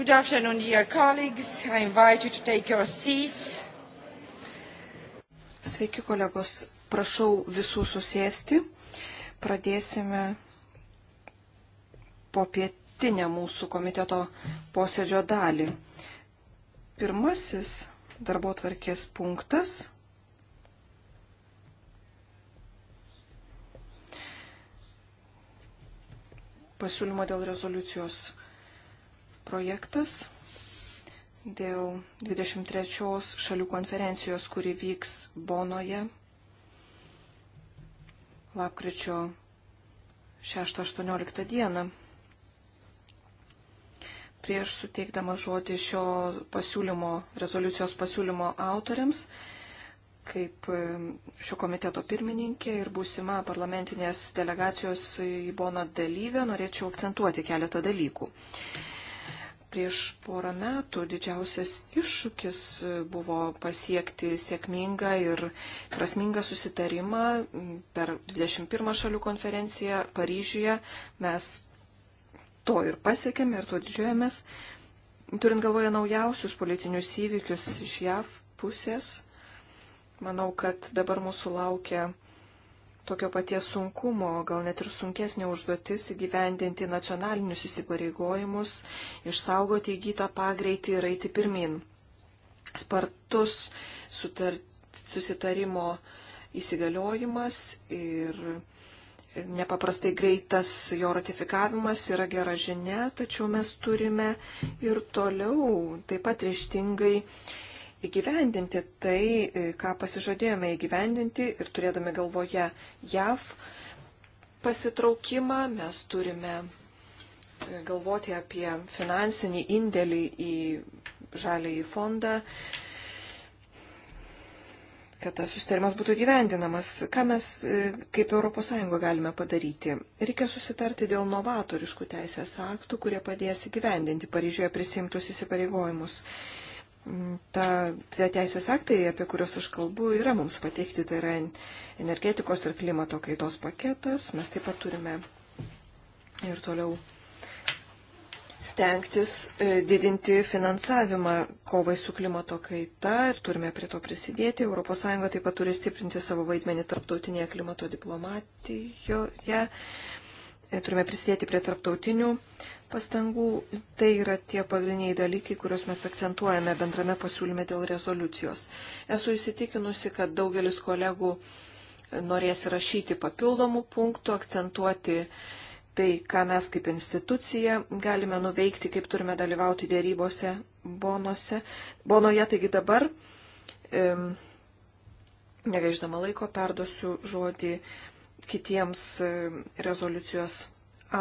Good afternoon, dear colleagues. I invite you to take your seats. Sveiki, kolegos. Prašau visų susėsti. Pradėsime popietinę mūsų komiteto posėdžio dalį. Pirmasis darbo tvarkės punktas pasiūlymo dėl rezoliucijos projektas dėl 23 šalių konferencijos, kuri vyks Bonoje lapkričio 6-18 dieną. Prieš suteikdama žodį šio pasiūlymo, rezoliucijos pasiūlymo autoriams, kaip šio komiteto pirmininkė ir būsima parlamentinės delegacijos į Boną dalyvę, norėčiau akcentuoti keletą dalykų. Prieš porą metų didžiausias iššūkis buvo pasiekti sėkmingą ir prasmingą susitarimą per 21 šalių konferenciją Paryžiuje. Mes to ir pasiekėme ir to didžiuojamės. Turint galvoje naujausius politinius įvykius iš JAV pusės, manau, kad dabar mūsų laukia tokio paties sunkumo, gal net ir sunkesnė užduotis įgyvendinti nacionalinius įsipareigojimus, išsaugoti įgytą pagreitį ir eiti pirmin. Spartus sutar, susitarimo įsigaliojimas ir nepaprastai greitas jo ratifikavimas yra gera žinia, tačiau mes turime ir toliau taip pat ryštingai įgyvendinti tai, e, ką pasižadėjome įgyvendinti ir turėdami galvoje JAV pasitraukimą, mes turime e, galvoti apie finansinį indėlį į žalį fondą, kad tas susitarimas būtų gyvendinamas. Ką mes e, kaip ES galime padaryti? Reikia susitarti dėl novatoriškų teisės aktų, kurie padės įgyvendinti Paryžioje prisimtus įsipareigojimus ta, ta teisės aktai, apie kuriuos aš kalbu, yra mums pateikti. Tai yra energetikos ir klimato kaitos paketas. Mes taip pat turime ir toliau stengtis e, didinti finansavimą kovai su klimato kaita ir turime prie to prisidėti. ES taip pat turi stiprinti savo vaidmenį tarptautinėje klimato diplomatijoje. E, turime prisidėti prie tarptautinių pastangų. Tai yra tie pagrindiniai dalykai, kuriuos mes akcentuojame bendrame pasiūlyme dėl rezoliucijos. Esu įsitikinusi, kad daugelis kolegų norės rašyti papildomų punktų, akcentuoti tai, ką mes kaip institucija galime nuveikti, kaip turime dalyvauti dėrybose bonose. Bonoje, taigi dabar, e, negaiždama laiko, perduosiu žodį kitiems rezoliucijos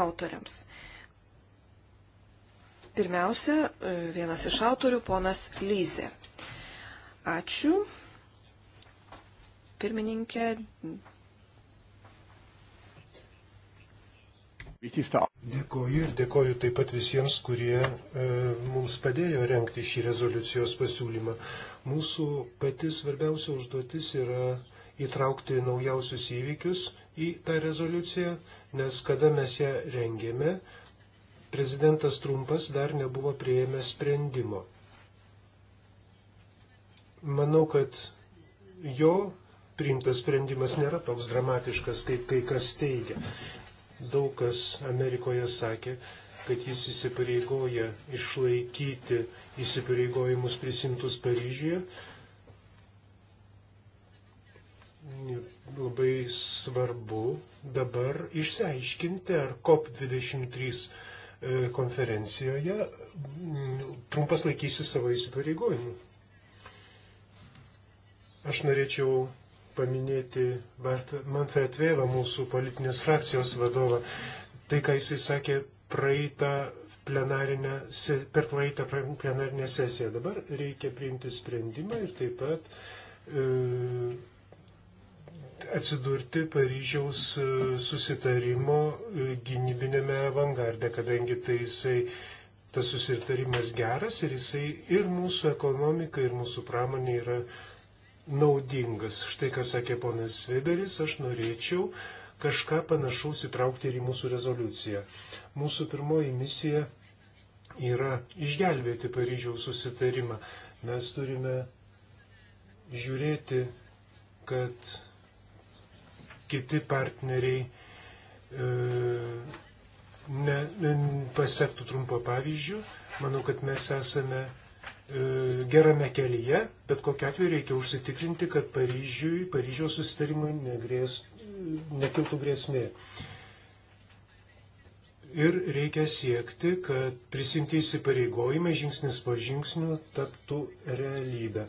autoriams. Pirmiausia, e, vienas iš autorių, ponas Lyzė. Ačiū. Pirmininkė. Dėkoju ir dėkoju taip pat visiems, kurie e, mums padėjo renkti šį rezoliucijos pasiūlymą. Mūsų pati svarbiausia užduotis yra įtraukti naujausius įvykius į tą rezoliuciją, nes kada mes ją rengėme, prezidentas Trumpas dar nebuvo prieėmęs sprendimo. Manau, kad jo priimtas sprendimas nėra toks dramatiškas, kaip kai kas teigia. Daug kas Amerikoje sakė, kad jis įsipareigoja išlaikyti įsipareigojimus prisimtus Paryžiuje. Labai svarbu dabar išsiaiškinti, ar COP23 E, konferencijoje Trumpas laikysi savo įsipareigojimų. Aš norėčiau paminėti Manfred Vėvą, mūsų politinės frakcijos vadovą. Tai, ką jisai sakė praeitą plenarinę, per praeitą plenarinę sesiją. Dabar reikia priimti sprendimą ir taip pat e, atsidurti Paryžiaus e, susitarimo e, gynybinėme avangarde, kadangi tai jisai tas susitarimas geras ir jisai ir mūsų ekonomika, ir mūsų pramonė yra naudingas. Štai ką sakė ponas Weberis, aš norėčiau kažką panašaus įtraukti ir į mūsų rezoliuciją. Mūsų pirmoji misija yra išgelbėti Paryžiaus susitarimą. Mes turime žiūrėti, kad kiti partneriai e, ne, ne, pasiektų trumpo pavyzdžių. Manau, kad mes esame e, gerame kelyje, bet kokiu atveju reikia užsitikrinti, kad Paryžiui, Paryžiaus susitarimui negrės, nekiltų grėsmė. Ir reikia siekti, kad prisimti įsipareigojimai žingsnis po žingsnių taptų realybę.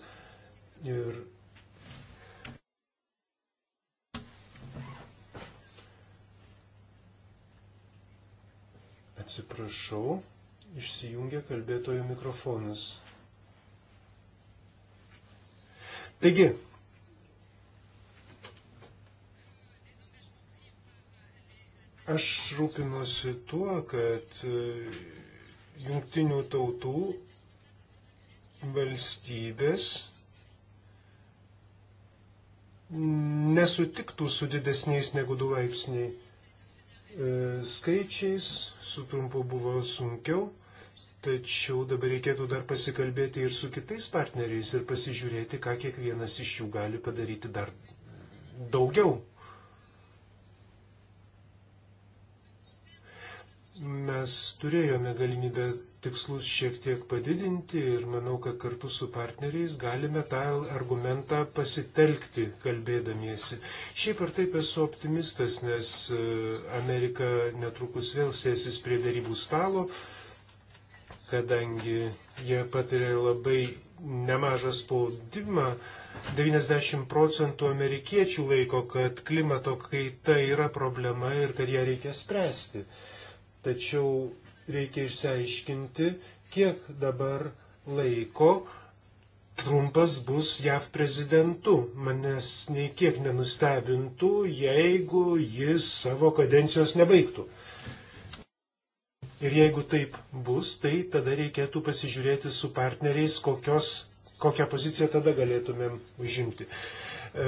Ir Atsiprašau, išsijungia kalbėtojo mikrofonas. Taigi, aš rūpinuosi tuo, kad e, jungtinių tautų valstybės nesutiktų su didesniais negu du laipsniai E, skaičiais, su trumpu buvo sunkiau, tačiau dabar reikėtų dar pasikalbėti ir su kitais partneriais ir pasižiūrėti, ką kiekvienas iš jų gali padaryti dar daugiau. Mes turėjome galimybę tikslus šiek tiek padidinti ir manau, kad kartu su partneriais galime tą argumentą pasitelkti kalbėdamiesi. Šiaip ar taip esu optimistas, nes e, Amerika netrukus vėl sėsis prie darybų stalo, kadangi jie patiria labai nemažą spaudimą. 90 procentų amerikiečių laiko, kad klimato kaita yra problema ir kad ją reikia spręsti. Uh, Tačiau reikia išsiaiškinti, kiek dabar laiko Trumpas bus JAV prezidentu. Manęs nei kiek nenustebintų, jeigu jis savo kadencijos nebaigtų. Ir jeigu taip bus, tai tada reikėtų pasižiūrėti su partneriais, kokios, kokią poziciją tada galėtumėm užimti. E,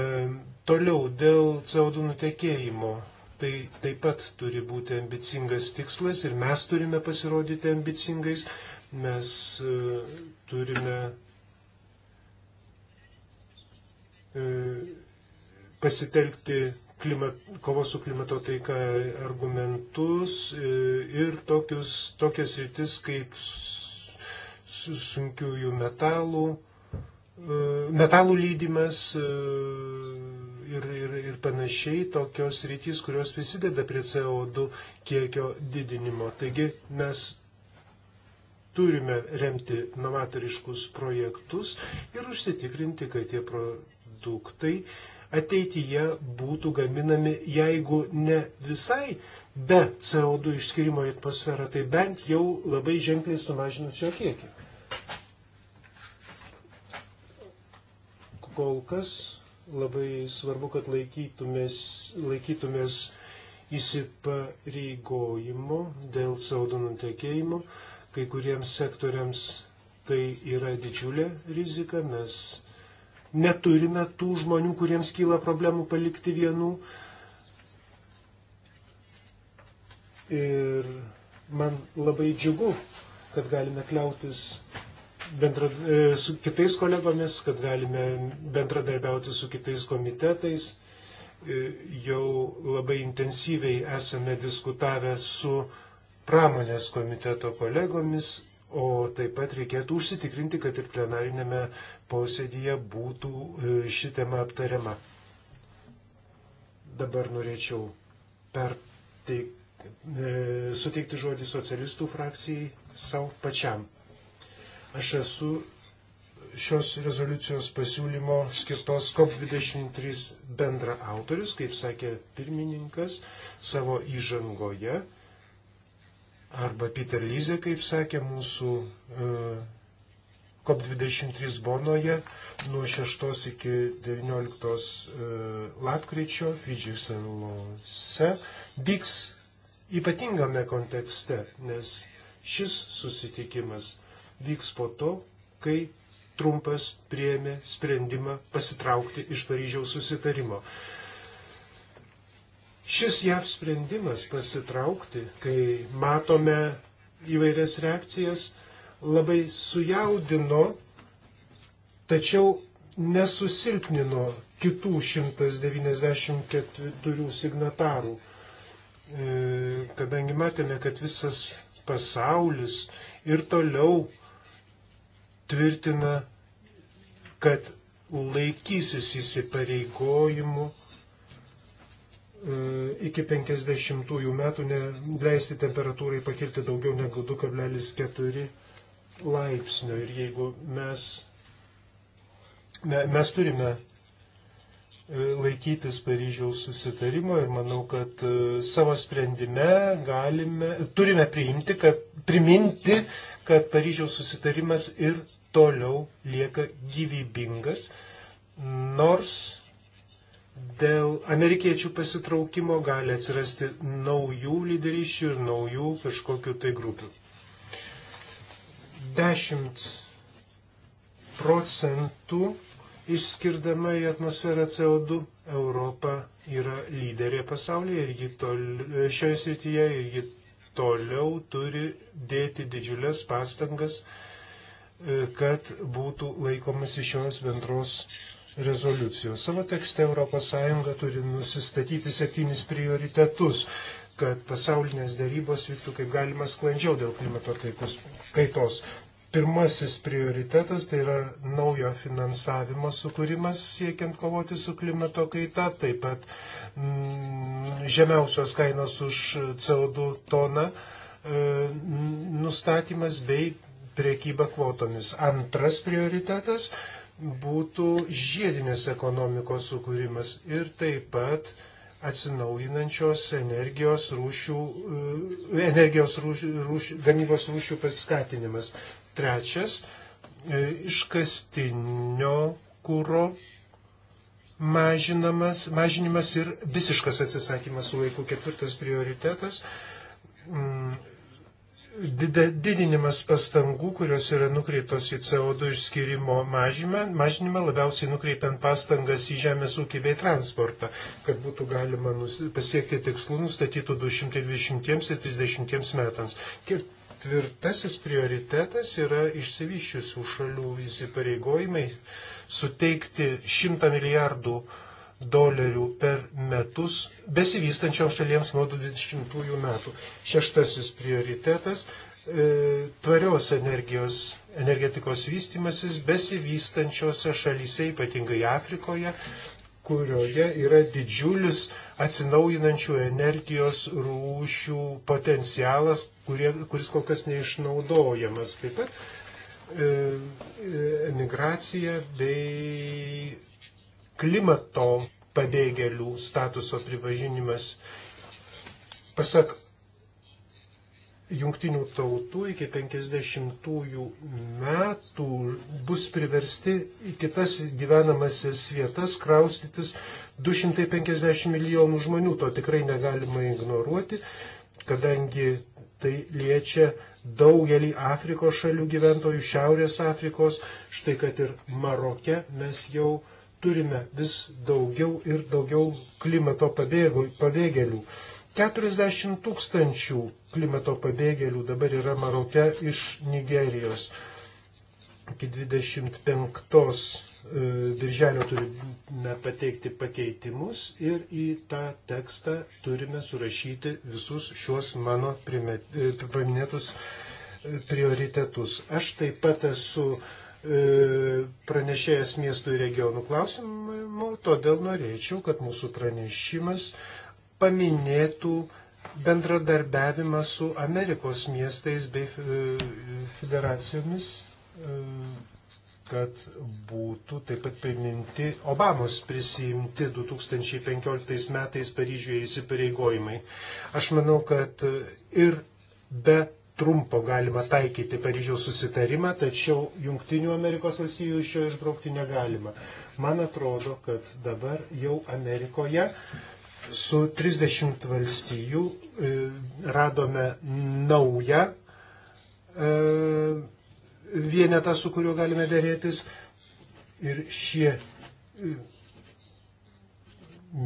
toliau dėl CO2 nutekėjimo tai taip pat turi būti ambicingas tikslas ir mes turime pasirodyti ambicingais, mes e, turime e, pasitelkti klimat, kovos su klimato taika argumentus e, ir tokius, tokias rytis kaip sunkiųjų metalų, E, metalų lydimas e, ir, ir, ir panašiai tokios rytis, kurios prisideda prie CO2 kiekio didinimo. Taigi mes turime remti novatoriškus projektus ir užsitikrinti, kad tie produktai ateityje būtų gaminami, jeigu ne visai be CO2 išskirimo į atmosferą, tai bent jau labai ženkliai sumažinus jo kiekį. kol kas labai svarbu, kad laikytumės, laikytumės įsipareigojimo dėl CO2 nutekėjimo. Kai kuriems sektoriams tai yra didžiulė rizika, mes neturime tų žmonių, kuriems kyla problemų palikti vienų. Ir man labai džiugu, kad galime kliautis bendra, e, su kitais kolegomis, kad galime bendradarbiauti su kitais komitetais. E, jau labai intensyviai esame diskutavę su pramonės komiteto kolegomis, o taip pat reikėtų užsitikrinti, kad ir plenarinėme posėdėje būtų e, ši tema aptariama. Dabar norėčiau perteik, e, suteikti žodį socialistų frakcijai savo pačiam. Aš esu šios rezoliucijos pasiūlymo skirtos COP23 bendra autoris, kaip sakė pirmininkas savo įžangoje, arba Peter Lyze, kaip sakė mūsų e, COP23 Bonoje nuo 6 iki 19 e, lapkričio Fidžių salose vyks ypatingame kontekste, nes šis susitikimas vyks po to, kai Trumpas prieėmė sprendimą pasitraukti iš Paryžiaus susitarimo. Šis JAV sprendimas pasitraukti, kai matome įvairias reakcijas, labai sujaudino, tačiau nesusilpnino kitų 194 signatarų, e, kadangi matėme, kad visas pasaulis ir toliau tvirtina, kad laikysis įsipareigojimų e, iki 50 metų neleisti temperatūrai pakilti daugiau negu 2,4 laipsnio. Ir jeigu mes, me, mes turime e, laikytis Paryžiaus susitarimo ir manau, kad e, savo sprendime galime, turime priimti, kad priminti, kad Paryžiaus susitarimas ir toliau lieka gyvybingas, nors dėl amerikiečių pasitraukimo gali atsirasti naujų lyderysčių ir naujų kažkokių tai grupių. 10 procentų išskirdama į atmosferą CO2 Europa yra lyderė pasaulyje ir ji tol, šioje srityje ir ji toliau turi dėti didžiulės pastangas, e, kad būtų laikomasi šios bendros rezoliucijos. Savo tekste ES turi nusistatyti septynis prioritetus, kad pasaulinės darybos vyktų kaip galima sklandžiau dėl klimato taikos, kaitos. Pirmasis prioritetas tai yra naujo finansavimo sukūrimas siekiant kovoti su klimato kaita, taip pat m, mm, žemiausios kainos už CO2 toną e, nustatymas bei priekyba kvotomis. Antras prioritetas būtų žiedinės ekonomikos sukūrimas ir taip pat atsinaujinančios energijos, rūšių, e, energijos rūš, rūš, gamybos rūšių paskatinimas. Trečias e, - iškastinio kūro mažinamas, mažinimas ir visiškas atsisakymas su laiku. Ketvirtas prioritetas mm, didinimas pastangų, kurios yra nukreiptos į CO2 išskirimo mažymą, mažinimą, labiausiai nukreipiant pastangas į žemės ūkį bei transportą, kad būtų galima pasiekti tikslų nustatytų 220 ir 30 metams ketvirtasis prioritetas yra išsivyščiusių šalių įsipareigojimai suteikti 100 milijardų dolerių per metus besivystančioms šalims nuo 20 metų. Šeštasis prioritetas e, - tvarios energijos, energetikos vystimasis besivystančiose šalyse, ypatingai Afrikoje, kurioje yra didžiulis atsinaujinančių energijos rūšių potencialas, kurie, kuris kol kas neišnaudojamas. Taip pat e, e, emigracija bei klimato pabėgėlių statuso pripažinimas. Pasak jungtinių tautų iki 50-ųjų metų bus priversti į kitas gyvenamasias vietas kraustytis 250 milijonų žmonių. To tikrai negalima ignoruoti, kadangi Tai liečia daugelį Afrikos šalių gyventojų, Šiaurės Afrikos, štai kad ir Maroke mes jau turime vis daugiau ir daugiau klimato pabėgo, pabėgėlių. 40 tūkstančių klimato pabėgėlių dabar yra Maroke iš Nigerijos. Iki 25 Birželio e, turime pateikti pakeitimus ir į tą tekstą turime surašyti visus šiuos mano primet, e, paminėtus e, prioritetus. Aš taip pat esu pranešėjas miestų ir regionų klausimų, todėl norėčiau, kad mūsų pranešimas paminėtų bendradarbiavimą su Amerikos miestais bei federacijomis kad būtų taip pat priminti Obamos prisijimti 2015 metais Paryžiuje įsipareigojimai. Aš manau, kad ir be trumpo galima taikyti Paryžiaus susitarimą, tačiau Junktinių Amerikos valstybių iš jo išbraukti negalima. Man atrodo, kad dabar jau Amerikoje su 30 valstybių e, radome naują e, vienetą, su kuriuo galime dėrėtis. Ir šie e,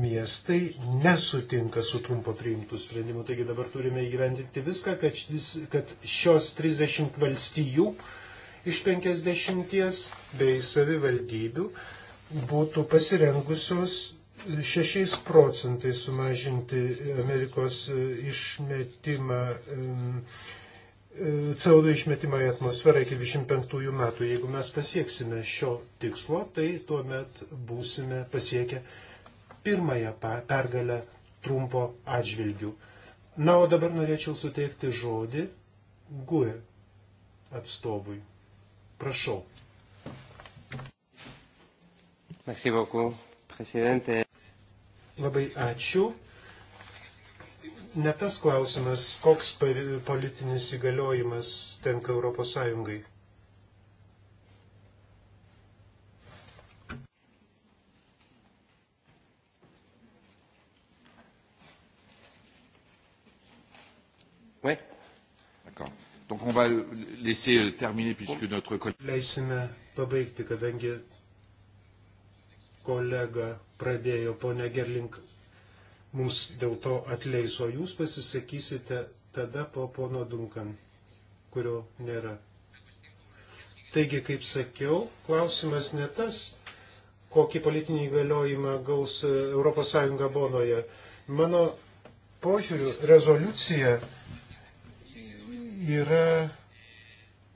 miestai nesutinka su trumpo priimtų sprendimu. Taigi dabar turime įgyvendinti viską, kad, šis, kad šios 30 valstijų iš 50 bei savivaldybių būtų pasirengusios 6 procentais sumažinti Amerikos e, išmetimą. Um, CO2 išmetimą į atmosferą iki 25 metų. Jeigu mes pasieksime šio tikslo, tai tuomet būsime pasiekę pirmąją pergalę trumpo atžvilgių. Na, o dabar norėčiau suteikti žodį GUE atstovui. Prašau. Merci beaucoup, prezidente. Labai ačiū ne tas klausimas, koks politinis įgaliojimas tenka Europos Sąjungai. Ouais. D'accord. Donc on va laisser euh, terminer puisque notre collègue. Leisime pabaigti, kadangi kolega pradėjo, ponia Gerling mums dėl to atleis, o jūs pasisakysite tada po pono Dunkan, kurio nėra. Taigi, kaip sakiau, klausimas ne tas, kokį politinį įgaliojimą gaus ES Bonoje. Mano požiūriu, rezoliucija yra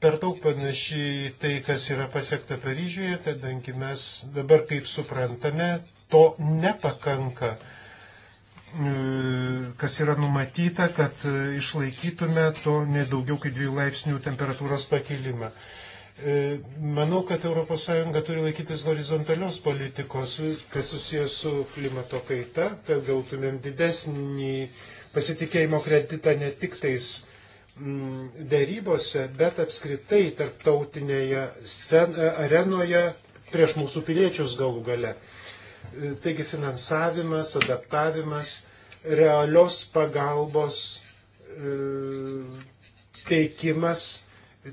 per daug panaši į tai, kas yra pasiekta Paryžiuje, kadangi mes dabar, kaip suprantame, to nepakanka. E, kas yra numatyta, kad e, išlaikytume to nedaugiau kaip 2 laipsnių temperatūros pakilimą. E, manau, kad ES turi laikytis horizontalios politikos, kas susijęs su klimato kaita, kad gautumėm didesnį pasitikėjimo kreditą ne tik tais mm, dėrybose, bet apskritai tarptautinėje arenoje prieš mūsų piliečius galų gale. Taigi finansavimas, adaptavimas, realios pagalbos e, teikimas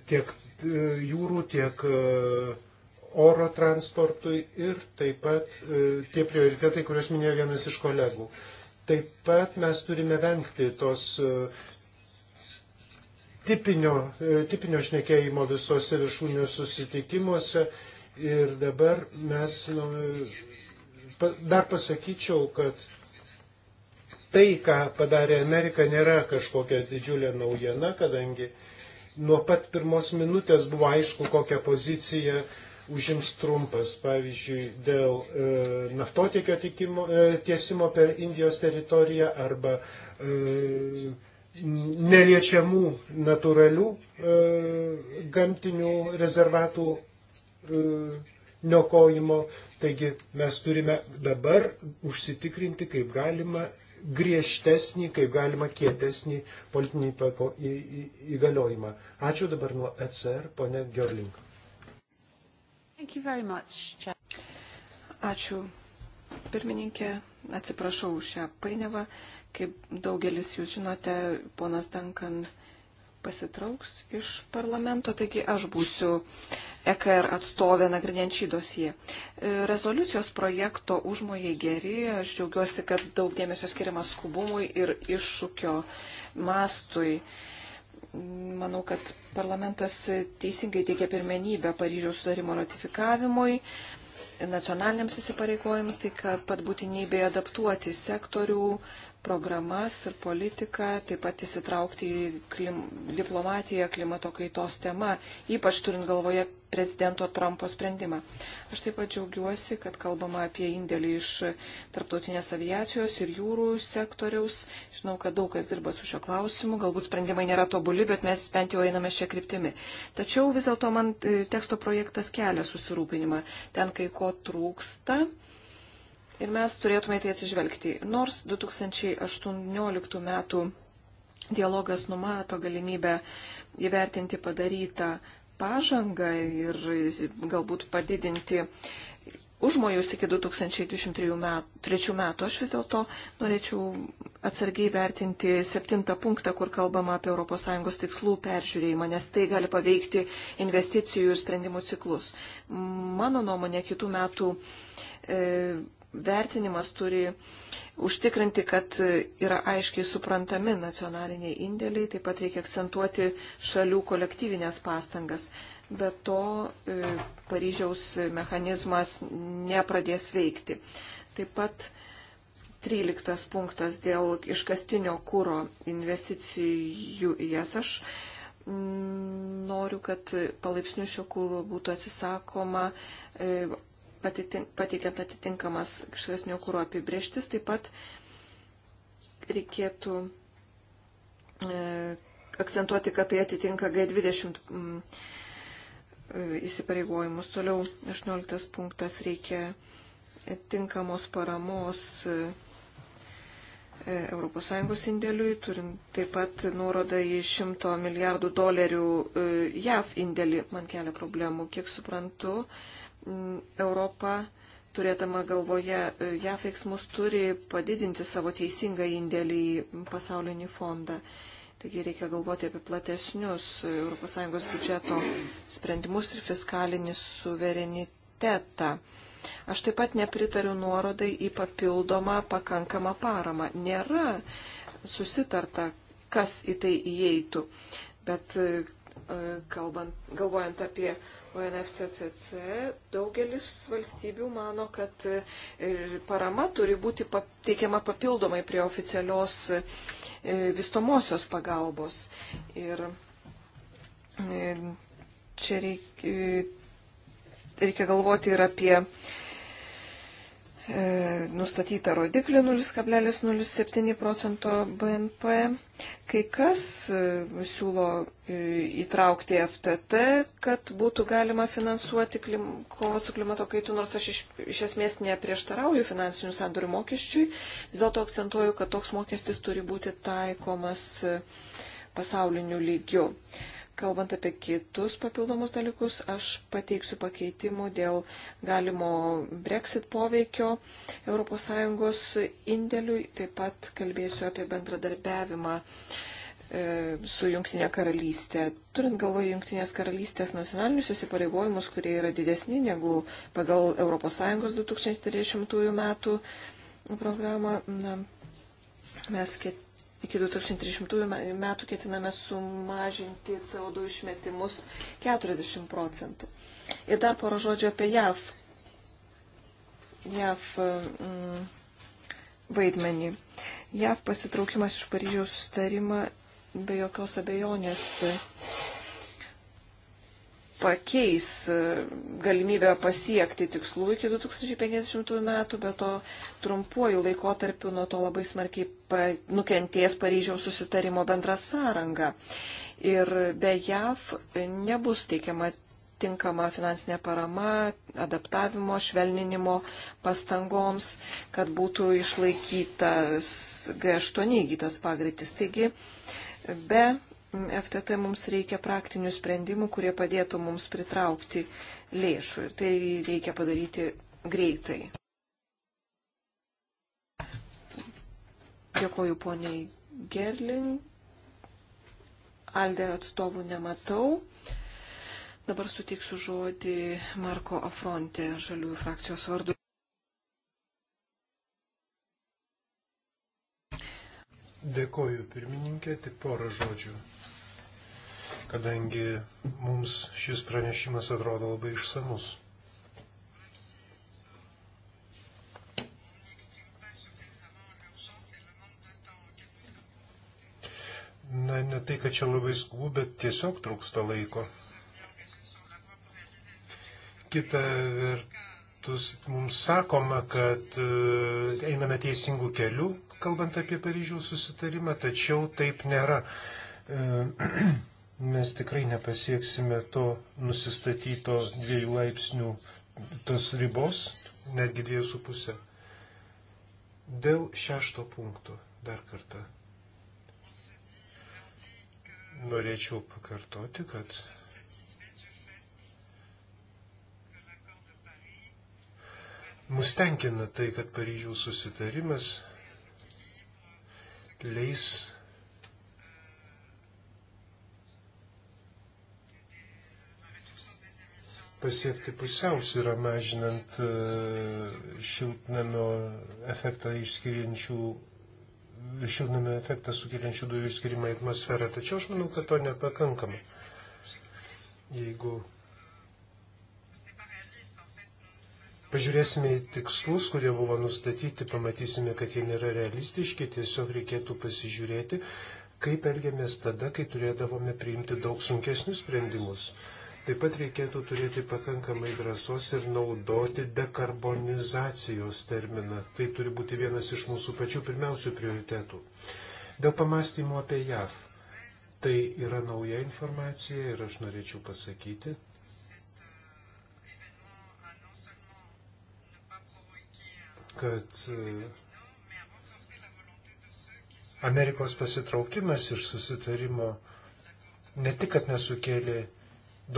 tiek e, jūrų, tiek e, oro transportui ir taip pat tie prioritetai, kuriuos minėjo vienas iš kolegų. Taip pat mes turime vengti tos tipinio, tipinio šnekėjimo visose viršūnių susitikimuose ir dabar mes nu, dar pasakyčiau, kad tai, ką padarė Amerika, nėra kažkokia didžiulė naujiena, kadangi nuo pat pirmos minutės buvo aišku, kokią poziciją užims Trumpas, pavyzdžiui, dėl e, naftotiekio tikimo, e, tiesimo per Indijos teritoriją arba e, neliečiamų natūralių e, gamtinių rezervatų e, niokojimo. Taigi mes turime dabar užsitikrinti, kaip galima griežtesnį, kaip galima kietesnį politinį pako, į, į, įgaliojimą. Ačiū dabar nuo ECR, ponė Gerling. Ačiū. Pirmininkė, atsiprašau už šią painiavą. Kaip daugelis jūs žinote, ponas Dankan pasitrauks iš parlamento, taigi aš būsiu EKR atstovė nagrinėjant šį dosiją. E, rezoliucijos projekto užmojai geri, aš džiaugiuosi, kad daug dėmesio skiriama skubumui ir iššūkio mastui. Manau, kad parlamentas teisingai teikia pirmenybę Paryžiaus sudarimo ratifikavimui, nacionaliniams įsipareigojimams, tai pat būtinybė adaptuoti sektorių programas ir politiką, taip pat įsitraukti į klim, diplomatiją klimato kaitos tema, ypač turint galvoje prezidento Trumpo sprendimą. Aš taip pat džiaugiuosi, kad kalbama apie indėlį iš tarptautinės aviacijos ir jūrų sektoriaus. Žinau, kad daug kas dirba su šio klausimu, galbūt sprendimai nėra tobuli, bet mes bent jau einame šią kryptimį. Tačiau vis dėlto man e, teksto projektas kelia susirūpinimą. Ten kai ko trūksta. Ir mes turėtume tai atsižvelgti. Nors 2018 metų dialogas numato galimybę įvertinti padarytą pažangą ir galbūt padidinti užmojus iki 2023 metų, metų. Aš vis dėlto norėčiau atsargiai vertinti septintą punktą, kur kalbama apie ES tikslų peržiūrėjimą, nes tai gali paveikti investicijų ir sprendimų ciklus. Mano nuomonė, kitų metų e, vertinimas turi užtikrinti, kad yra aiškiai suprantami nacionaliniai indėliai, taip pat reikia akcentuoti šalių kolektyvinės pastangas. Be to e, Paryžiaus mechanizmas nepradės veikti. Taip pat 13 punktas dėl iškastinio kūro investicijų į jas aš mm, noriu, kad palaipsniui šio kūro būtų atsisakoma e, pateikiant atitinkamas iškasnio kūro apibrieštis, taip pat reikėtų e, akcentuoti, kad tai atitinka G20 mm, e, įsipareigojimus. Toliau 18 punktas reikia tinkamos paramos ES e, indėliui, turim taip pat nuorodą į 100 milijardų dolerių JAV indėlį, man kelia problemų, kiek suprantu, Mm, Europa, turėtama galvoje e, JAF veiksmus, turi padidinti savo teisingą indėlį į pasaulinį fondą. Taigi reikia galvoti apie platesnius e, ES biudžeto sprendimus ir fiskalinį suverenitetą. Aš taip pat nepritariu nuorodai į papildomą pakankamą paramą. Nėra susitarta, kas į tai įeitų. Bet e, kalbant, galvojant apie UNFCCC, daugelis valstybių mano, kad e, parama turi būti teikiama papildomai prie oficialios e, vystomosios pagalbos. Ir e, čia reikia, reikia galvoti ir apie nustatytą rodiklį 0,07 procento BNP. Kai kas e, siūlo e, įtraukti FTT, kad būtų galima finansuoti klim, kovą su klimato kaitu, nors aš iš, iš esmės neprieštarauju finansinių sandorių mokesčiui, vis dėlto akcentuoju, kad toks mokestis turi būti taikomas e, pasauliniu lygiu. Uh, Kalbant apie kitus papildomus dalykus, aš pateiksiu pakeitimų dėl galimo Brexit poveikio ES indėliui, taip pat kalbėsiu apie bendradarbiavimą e, su Junktinė karalystė. Turint galvoje Junktinės karalystės nacionalinius įsipareigojimus, kurie yra didesni negu pagal ES 2030 metų programą, na, mes ket, Iki 2030 metų ketiname sumažinti CO2 išmetimus 40 procentų. Ir dar poro žodžio apie JAV. JAV mm, vaidmenį. JAV pasitraukimas iš Paryžiaus sustarimą be jokios abejonės pakeis e, galimybę pasiekti tikslų iki 2050 metų, bet to trumpuoju laikotarpiu nuo to labai smarkiai nukentės Paryžiaus susitarimo bendra sąranga. Ir be JAV nebus teikiama tinkama finansinė parama, adaptavimo, švelninimo pastangoms, kad būtų išlaikytas G8 įgytas pagreitis. Taigi, be FTT mums reikia praktinių sprendimų, kurie padėtų mums pritraukti lėšų ir tai reikia padaryti greitai. Dėkoju poniai Gerling. Aldė atstovų nematau. Dabar sutiksiu žodį Marko Afronte, žaliųjų frakcijos vardu. Dėkoju pirmininkė, tik porą žodžių. Kadangi mums šis pranešimas atrodo labai išsamus. Na, ne tai, kad čia labai skubu, bet tiesiog trūksta laiko. Kita vertus, mums sakoma, kad e, einame teisingų kelių, kalbant apie Paryžiaus susitarimą, tačiau taip nėra. E, mes tikrai nepasieksime to nusistatyto dviejų laipsnių tos ribos, netgi dviejų su pusė. Dėl šešto punkto dar kartą. Norėčiau pakartoti, kad mus tenkina tai, kad Paryžiaus susitarimas leis pasiekti pusiausvyrą, mažinant e, šiltnamio efektą išskiriančių šiltnamio efektą sukeliančių dujų išskirimą į atmosferą. Tačiau aš manau, kad to nepakankama. Jeigu Pažiūrėsime į tikslus, kurie buvo nustatyti, pamatysime, kad jie nėra realistiški, tiesiog reikėtų pasižiūrėti, kaip elgiamės tada, kai turėdavome priimti daug sunkesnius sprendimus. Taip pat reikėtų turėti pakankamai drąsos ir naudoti dekarbonizacijos terminą. Tai turi būti vienas iš mūsų pačių pirmiausių prioritetų. Dėl pamastymų apie JAV. Tai yra nauja informacija ir aš norėčiau pasakyti, kad e, Amerikos pasitraukimas iš susitarimo ne tik, kad nesukėlė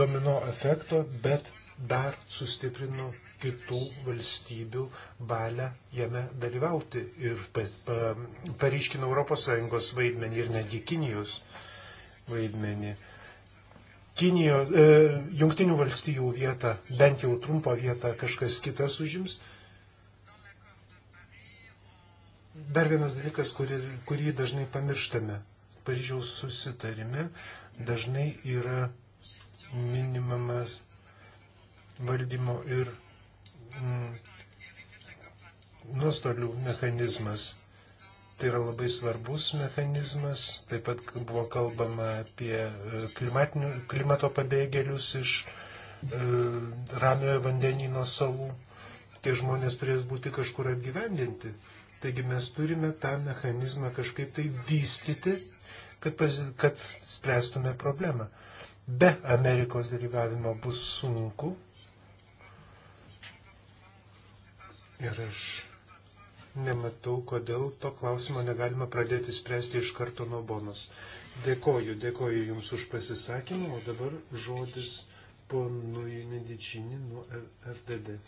domino efekto, bet dar sustiprino kitų valstybių valią jame dalyvauti ir pa, pa, paryškino ES vaidmenį ir netgi Kinijos vaidmenį. Kinijos, e, jungtinių valstybių vietą, bent jau trumpą vietą kažkas kitas užims, Dar vienas dalykas, kurį, kurį dažnai pamirštame. Paryžiaus susitarime dažnai yra minimamas valdymo ir mm, nuostolių mechanizmas. Tai yra labai svarbus mechanizmas. Taip pat buvo kalbama apie e, klimato pabėgėlius iš e, ramiojo vandenino salų. Tie žmonės turės būti kažkur apgyvendinti. E, Taigi mes turime tą mechanizmą kažkaip tai vystyti, kad, kad spręstume problemą. Be Amerikos dalyvavimo bus sunku. Ir aš nematau, kodėl to klausimo negalima pradėti spręsti iš karto nuo bonus. Dėkoju, dėkoju Jums už pasisakymą, o dabar žodis ponui Medičinį nuo FDD.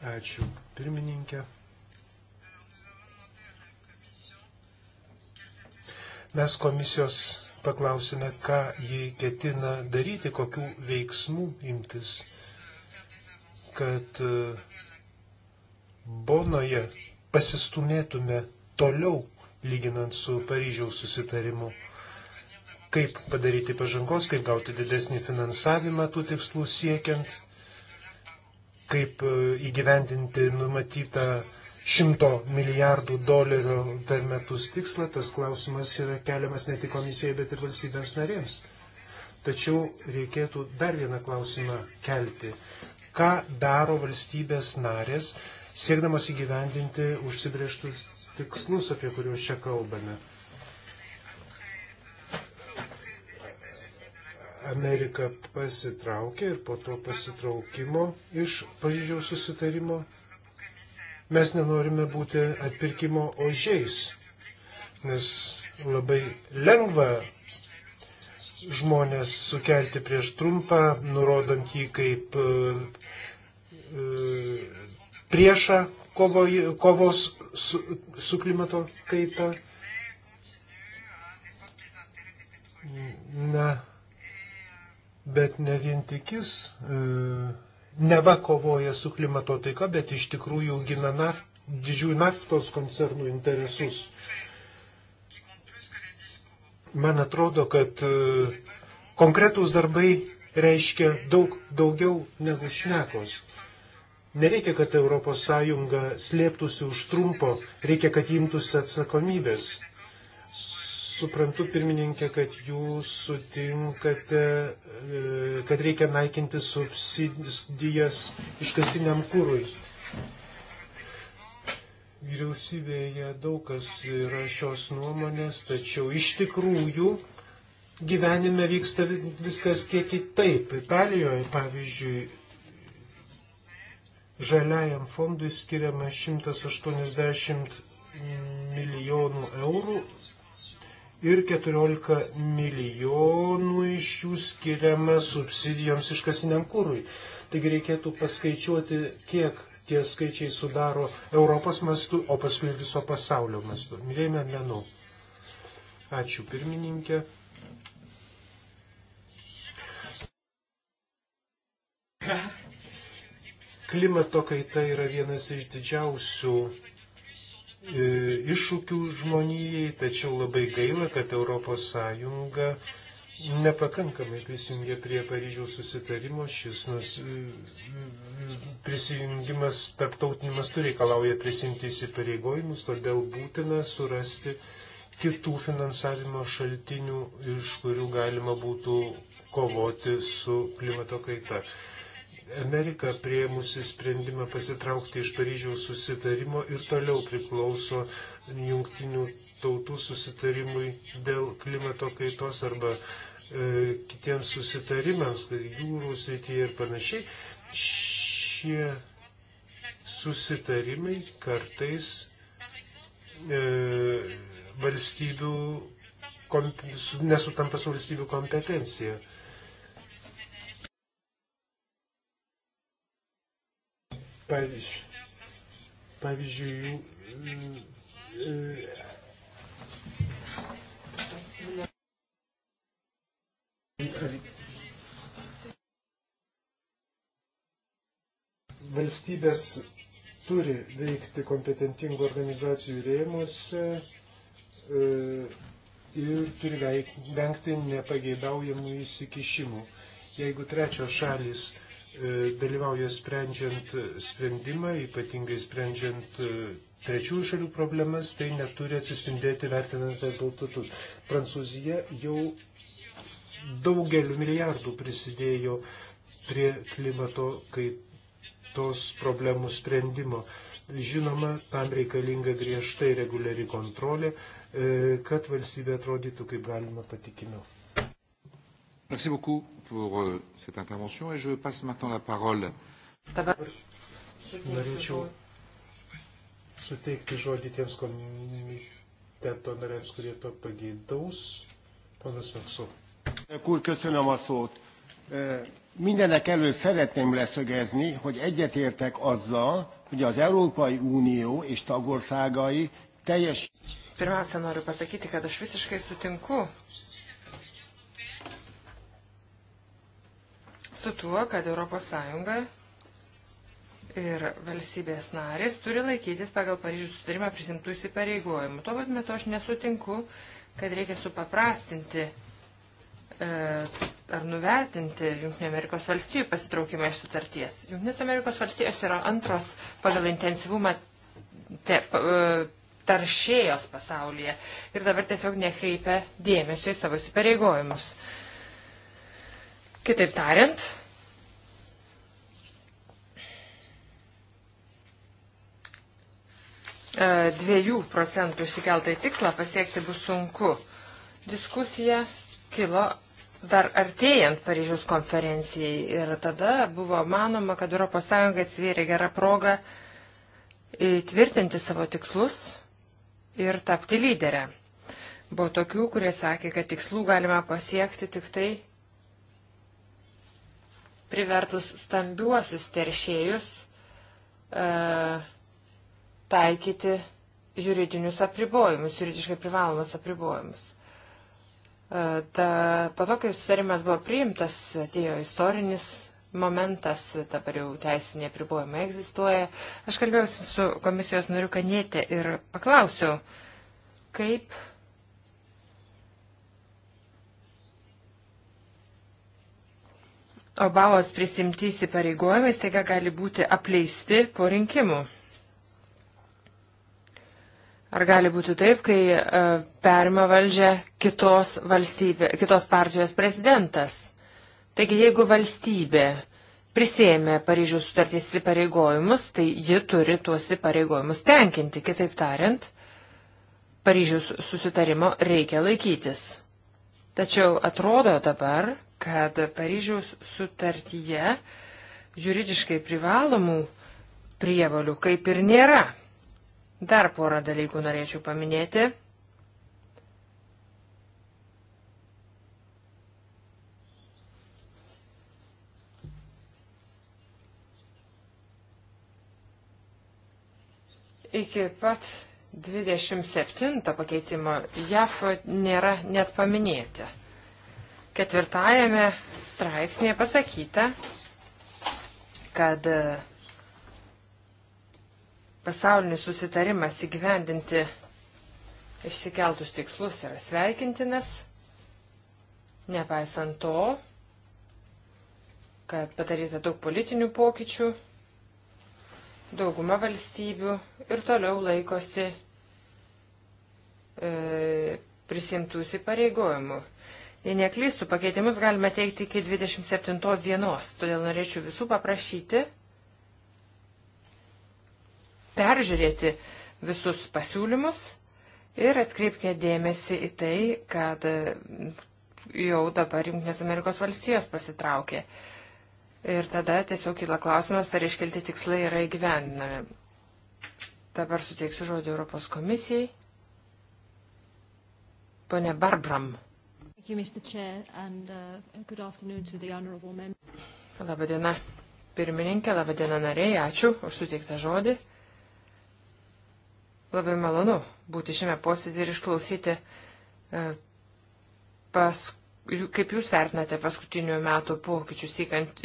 Ačiū pirmininkė. Mes komisijos paklausime, ką jie ketina daryti, kokių veiksmų imtis, kad e, Bonoje pasistumėtume toliau, lyginant su Paryžiaus susitarimu kaip padaryti pažangos, kaip gauti didesnį finansavimą tų tikslų siekiant kaip e, įgyvendinti numatytą 100 milijardų dolerių per metus tikslą, tas klausimas yra keliamas ne tik komisijai, bet ir valstybėms narėms. Tačiau reikėtų dar vieną klausimą kelti. Ką daro valstybės narės, siekdamas įgyvendinti užsibrieštus tikslus, apie kuriuos čia kalbame? Amerika pasitraukė ir po to pasitraukimo iš Paryžiaus susitarimo mes nenorime būti atpirkimo ožiais, nes labai lengva žmonės sukelti prieš trumpą, nurodant jį kaip e, e, priešą kovo, kovos su, su klimato kaita. bet ne vien tik jis e, neva kovoja su klimato taika, bet iš tikrųjų gina naft, didžiųjų naftos koncernų interesus. Man atrodo, kad e, konkretūs darbai reiškia daug daugiau negu šnekos. Nereikia, kad ES slėptųsi už trumpo, reikia, kad imtųsi atsakomybės suprantu, pirmininkė, kad jūs sutinkate, e, kad reikia naikinti subsidijas iškastiniam kūrui. Vyriausybėje daug kas yra šios nuomonės, tačiau iš tikrųjų gyvenime vyksta viskas kiek kitaip. Italijoje, pavyzdžiui, žaliajam fondui skiriama 180 milijonų eurų, ir 14 milijonų iš jų skiriama subsidijoms iškasiniam kūrui. Taigi reikėtų paskaičiuoti, kiek tie skaičiai sudaro Europos mastu, o paskui viso pasaulio mastu. Mylėjime menų. Ačiū pirmininkė. Klimato kaita yra vienas iš didžiausių E, iššūkių žmonijai, tačiau labai gaila, kad ES nepakankamai prisijungė prie Paryžiaus susitarimo. Šis nus, e, prisijungimas tarptautinimas turi reikalauja prisimti įsipareigojimus, todėl būtina surasti kitų finansavimo šaltinių, iš kurių galima būtų kovoti su klimato kaita. Amerika prieimusi sprendimą pasitraukti iš Paryžiaus susitarimo ir toliau priklauso jungtinių tautų susitarimui dėl klimato kaitos arba e, kitiems susitarimams, jūrų srityje ir panašiai. Šie susitarimai kartais e, valstybių, kom, nesutampa su valstybių kompetencija. Pavyzdžiui, pavyzdžiui mm, e, valstybės turi veikti kompetentingų organizacijų rėmuose e, ir turi vengti nepageidaujamų įsikišimų. Jeigu trečios šalis E, dalyvauja sprendžiant sprendimą, ypatingai sprendžiant e, trečiųjų šalių problemas, tai neturi atsispindėti vertinant rezultatus. Prancūzija jau daugeliu milijardų prisidėjo prie klimato kaitos problemų sprendimo. Žinoma, tam reikalinga griežtai reguliari kontrolė, e, kad valstybė atrodytų kaip galima patikimiau. Merci beaucoup pour euh, cette intervention et je passe maintenant la parole. Norėčiau suteikti žodį tiems komiteto nariams, kurie to pageidaus. Ponas Vaksu. Úr, köszönöm a szót. Mindenek előtt szeretném leszögezni, hogy egyetértek azzal, hogy az Európai Unió és tagországai teljes... Pirmiausia, noriu pasakyti, kad aš visiškai sutinku su tuo, kad ES ir valstybės narės turi laikytis pagal Paryžių sutarimą prisimtų įsipareigojimų. Tuo pat metu aš nesutinku, kad reikia supaprastinti e, ar nuvertinti Junktinio Amerikos valstijų pasitraukimą iš sutarties. Junktinės Amerikos valstijos yra antros pagal intensyvumą te, e, taršėjos pasaulyje ir dabar tiesiog nekreipia dėmesio į savo įsipareigojimus. Uh, Kitaip tariant, e, dviejų procentų išsikeltai tikslą pasiekti bus sunku. Diskusija kilo dar artėjant Paryžiaus konferencijai ir tada buvo manoma, kad ES atsivėrė gerą progą įtvirtinti savo tikslus ir tapti lyderę. Buvo tokių, kurie sakė, kad tikslų galima pasiekti tik tai privertus stambiuosius teršėjus e, taikyti juridinius apribojimus, juridiškai privalomus apribojimus. E, ta, po to, kai susitarimas buvo priimtas, atėjo istorinis momentas, dabar jau teisinė apribojimai egzistuoja. Aš kalbėjausi su komisijos nariu Kanėtė ir paklausiau, kaip Obamos prisimti įsipareigojimai staiga gali būti apleisti po rinkimų. Ar gali būti taip, kai uh, perima valdžią kitos, valstybė, kitos partijos prezidentas? Taigi, jeigu valstybė prisėmė Paryžiaus sutartys įsipareigojimus, tai ji turi tuos įpareigojimus tenkinti. Kitaip tariant, Paryžiaus susitarimo reikia laikytis. Tačiau atrodo dabar, kad Paryžiaus sutartyje juridiškai privalomų prievalių kaip ir nėra. Dar porą dalykų norėčiau paminėti. Iki pat 27 pakeitimo JAF nėra net paminėti. Ketvirtajame straipsnėje pasakyta, kad e, pasaulinis susitarimas įgyvendinti išsikeltus tikslus yra sveikintinas, nepaisant to, kad padaryta daug politinių pokyčių, dauguma valstybių ir toliau laikosi e, prisimtų įsipareigojimų. Jei neklystų, pakeitimus galime teikti iki 27 dienos, todėl norėčiau visų paprašyti peržiūrėti visus pasiūlymus ir atkreipkite dėmesį į tai, kad jau dabar Junktinės Amerikos valstijos pasitraukė. Ir tada tiesiog kyla klausimas, ar iškelti tikslai yra įgyvendinami. Dabar suteiksiu žodį Europos komisijai. Pone Barbram you, Mr. Chair, and uh, good afternoon to the honourable member. Labadiena, pirmininkė, labadiena nariai, ačiū už suteiktą žodį. Labai malonu būti šiame posėdį ir išklausyti, uh, pas, kaip jūs vertinate paskutinių metų pokyčius,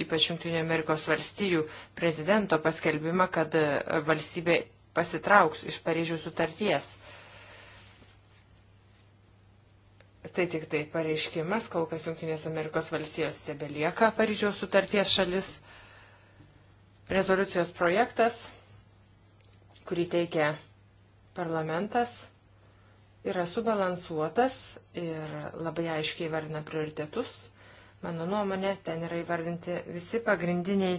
ypač Junktinio Amerikos valstijų prezidento paskelbimą, kad e, valstybė pasitrauks iš Paryžiaus sutarties. Tai tik tai pareiškimas, kol kas Junktinės Amerikos valstijos tebelieka Paryžiaus sutarties šalis. Rezoliucijos projektas, kurį teikia parlamentas, yra subalansuotas ir labai aiškiai vardina prioritetus. Mano nuomonė, ten yra įvardinti visi pagrindiniai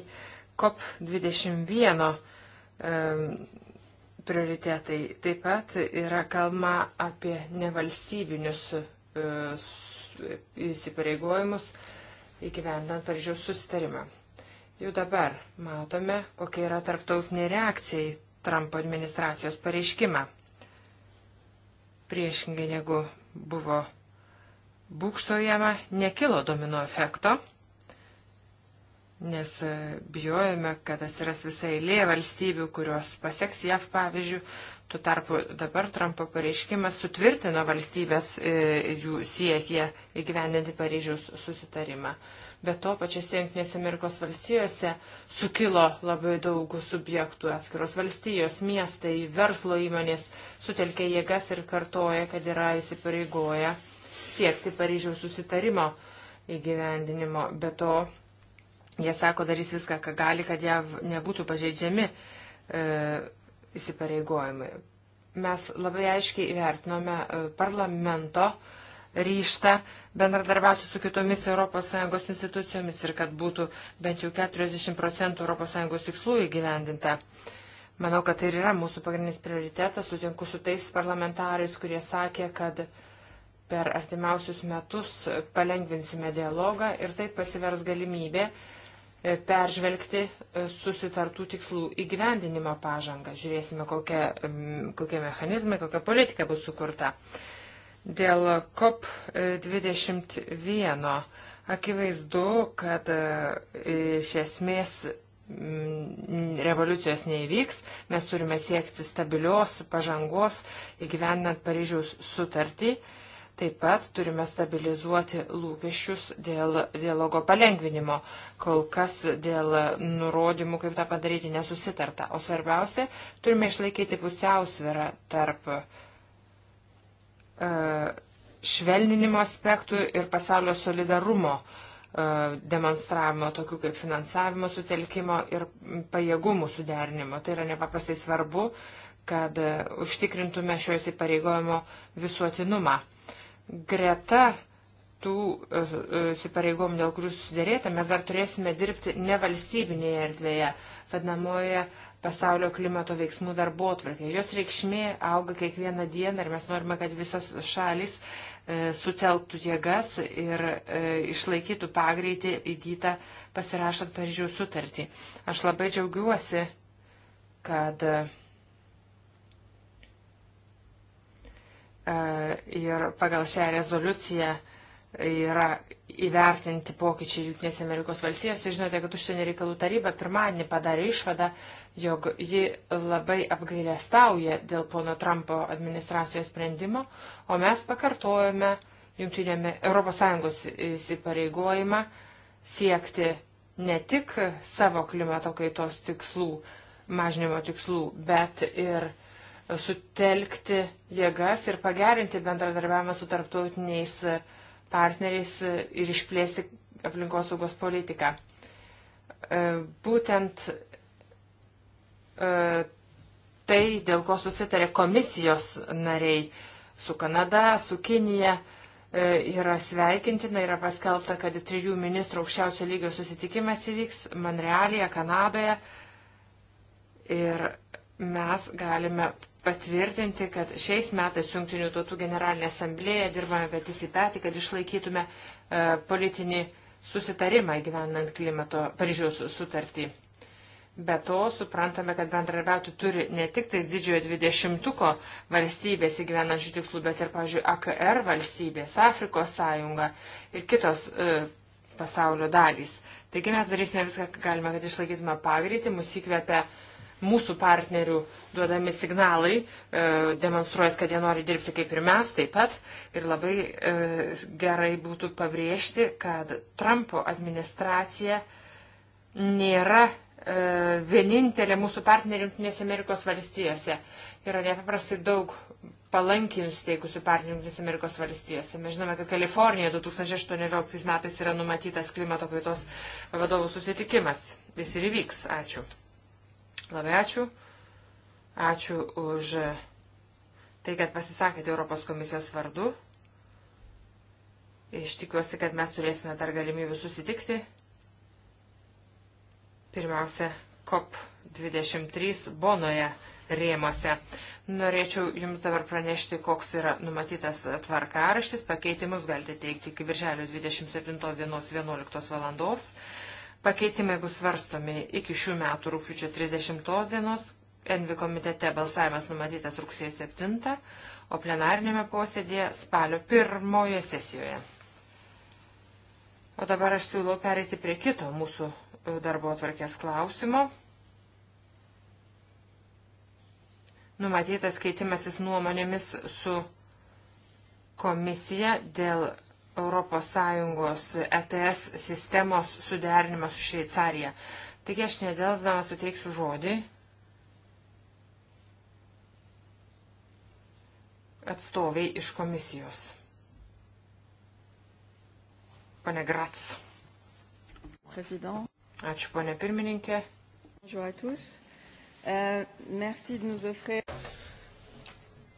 COP21 prioritetai. Taip pat yra kalba apie nevalstybinius E, įsipareigojimus įgyvendant Paryžiaus susitarimą. Jau dabar matome, kokia yra tarptautinė reakcija į Trumpo administracijos pareiškimą. Priešingai negu buvo būkštojama, nekilo domino efekto, nes e, bijojame, kad atsiras visai lė valstybių, kurios paseks JAV pavyzdžių, Tuo tarpu dabar Trumpo pareiškimas sutvirtino valstybės e, jų siekia įgyvendinti Paryžiaus susitarimą. Be to, pačiose Junktinėse Amerikos valstijose sukilo labai daug subjektų, atskiros valstijos, miestai, verslo įmonės sutelkė jėgas ir kartoja, kad yra įsipareigoję siekti Paryžiaus susitarimo įgyvendinimo. Be to, jie sako, darys viską, ką gali, kad jie nebūtų pažeidžiami. E, įsipareigojimai. Mes labai aiškiai įvertinome e, parlamento ryštą bendradarbiauti su kitomis ES institucijomis ir kad būtų bent jau 40 procentų ES tikslų įgyvendinta. Manau, kad tai ir yra mūsų pagrindinis prioritetas. Sutinku su tais parlamentarais, kurie sakė, kad per artimiausius metus palengvinsime dialogą ir taip pasivers galimybė E, peržvelgti e, susitartų tikslų įgyvendinimo pažangą. Žiūrėsime, kokie, kokie mechanizmai, kokia politika bus sukurta. Dėl COP21 akivaizdu, kad e, iš esmės revoliucijos neįvyks, mes turime siekti stabilios pažangos įgyvendinant Paryžiaus sutartį Taip pat turime stabilizuoti lūkesčius dėl dialogo palengvinimo. Kol kas dėl nurodymų, kaip tą padaryti, nesusitarta. O svarbiausia, turime išlaikyti pusiausvirą tarp e, švelninimo aspektų ir pasaulio solidarumo e, demonstravimo, tokių kaip finansavimo sutelkimo ir pajėgumų suderinimo. Tai yra nepaprastai svarbu, kad e, užtikrintume šio įsipareigojimo visuotinumą greta tų e, e, įsipareigom, dėl kurių susidėrėta, mes dar turėsime dirbti nevalstybinėje erdvėje, vadinamoje pasaulio klimato veiksmų darbo atvarkė. Jos reikšmė auga kiekvieną dieną ir mes norime, kad visas šalis e, sutelktų jėgas ir e, išlaikytų pagreitį įgytą pasirašant Paryžiaus sutartį. Aš labai džiaugiuosi, kad e, E, ir pagal šią rezoliuciją yra įvertinti pokyčiai Junktinės Amerikos valstijose. Žinote, kad užsienio reikalų taryba pirmadienį padarė išvadą, jog ji labai apgailę stauja dėl pono Trumpo administracijos sprendimo, o mes pakartojame Junktinėme Europos Sąjungos įsipareigojimą siekti ne tik savo klimato kaitos tikslų, mažinimo tikslų, bet ir sutelkti jėgas ir pagerinti bendradarbiavimą su tarptautiniais partneriais ir išplėsti aplinkosaugos politiką. E, būtent e, tai, dėl ko susitarė komisijos nariai su Kanada, su Kinija, e, yra sveikintina, yra paskelbta, kad trijų ministrų aukščiausio lygio susitikimas įvyks Monrealėje, Kanadoje. Ir mes galime patvirtinti, kad šiais metais Junktinių tautų generalinė asamblėje dirbame petys į petį, kad išlaikytume e, politinį susitarimą įgyvenant klimato Paryžiaus sutartį. Be to, suprantame, kad bendradarbiauti turi ne tik tais didžiojo dvidešimtuko valstybės įgyvenančių tikslų, bet ir, pavyzdžiui, AKR valstybės, Afrikos sąjunga ir kitos e, pasaulio dalys. Taigi mes darysime viską, ką galime, kad išlaikytume pagreitį, mus įkvepia e, mūsų partnerių duodami signalai e, demonstruojas, kad jie nori dirbti kaip ir mes taip pat. Ir labai e, gerai būtų pabrėžti, kad Trumpo administracija nėra e, vienintelė mūsų partnerė Junktinėse Amerikos valstijose. Yra nepaprastai daug palankiai nusiteikusių partnerių Junktinėse Amerikos valstijose. Mes žinome, kad Kalifornija 2018 metais yra numatytas klimato kaitos vadovų susitikimas. Jis ir įvyks. Ačiū. Labai ačiū. Ačiū už tai, kad pasisakėte Europos komisijos vardu. Iš tikiuosi, kad mes turėsime dar galimybių susitikti. Pirmiausia, COP23 Bonoje rėmose. Norėčiau Jums dabar pranešti, koks yra numatytas tvarkaraštis. Pakeitimus galite teikti iki virželio 27.11 valandos. Pakeitimai bus svarstomi iki šių metų rūpiučio 30 dienos, Envi komitete balsavimas numatytas rugsėjo 7, o plenarinėme posėdėje spalio pirmoje sesijoje. O dabar aš siūlau pereiti prie kito mūsų e, darbo atvarkės klausimo. Numatytas keitimasis nuomonėmis su komisija dėl ES ETS sistemos suderinimas su Šveicarija. Taigi aš nedelsdama suteiksiu žodį atstoviai iš komisijos. Pane Grats. President. Ačiū, ponė pirmininkė. Euh,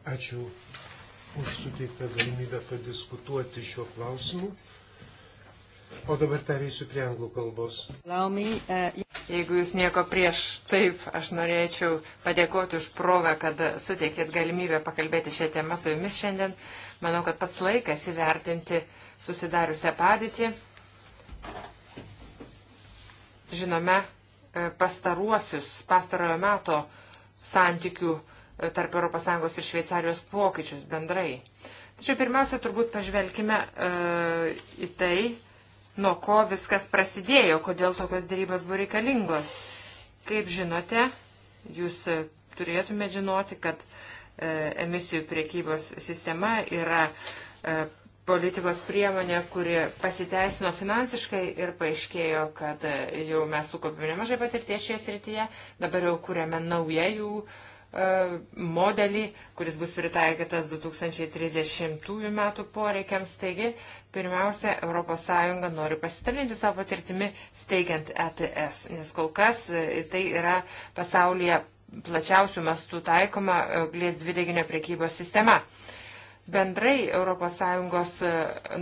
Ačiū už suteiktą galimybę padiskutuoti šiuo klausimu. O dabar pereisiu prie anglų kalbos. Uh, Jeigu jūs nieko prieš, taip, aš norėčiau padėkoti už progą, kad suteikėt galimybę pakalbėti šią temą su jumis šiandien. Manau, kad pats laikas įvertinti susidariusią padėtį. Žinome, e, pastaruosius, pastarojo meto santykių tarp ES ir Šveicarijos pokyčius bendrai. Tačiau pirmiausia, turbūt pažvelkime e, į tai, nuo ko viskas prasidėjo, kodėl tokios dėrybos buvo reikalingos. Kaip žinote, jūs turėtume žinoti, kad e, emisijų priekybos sistema yra e, politikos priemonė, kuri pasiteisino finansiškai ir paaiškėjo, kad e, jau mes sukaupėme nemažai patirties šioje srityje, dabar jau kuriame naują jų uh, E, modelį, kuris bus pritaikytas 2030 metų poreikiams. Taigi, pirmiausia, ES nori pasitalinti savo patirtimi steigiant ETS, nes kol kas e, tai yra pasaulyje plačiausių mastų taikoma e, glės dvideginio priekybos sistema. Bendrai ES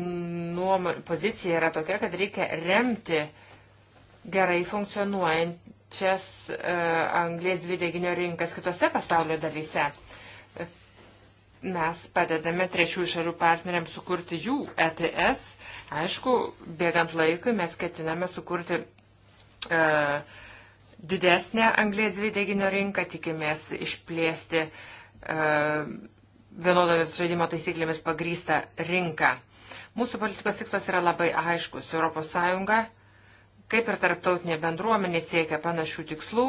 nuom... pozicija yra tokia, kad reikia remti gerai funkcionuojant pačias e, anglės dvideginio rinkas kitose pasaulio dalyse. Mes padedame trečiųjų šalių partneriams sukurti jų ETS. Aišku, bėgant laikui mes ketiname sukurti uh, didesnę anglės dvideginio rinką, tikimės išplėsti uh, vienodomis žaidimo taisyklėmis pagrystą rinką. Mūsų politikos tikslas yra labai aiškus. ES kaip ir tarptautinė bendruomenė siekia panašių tikslų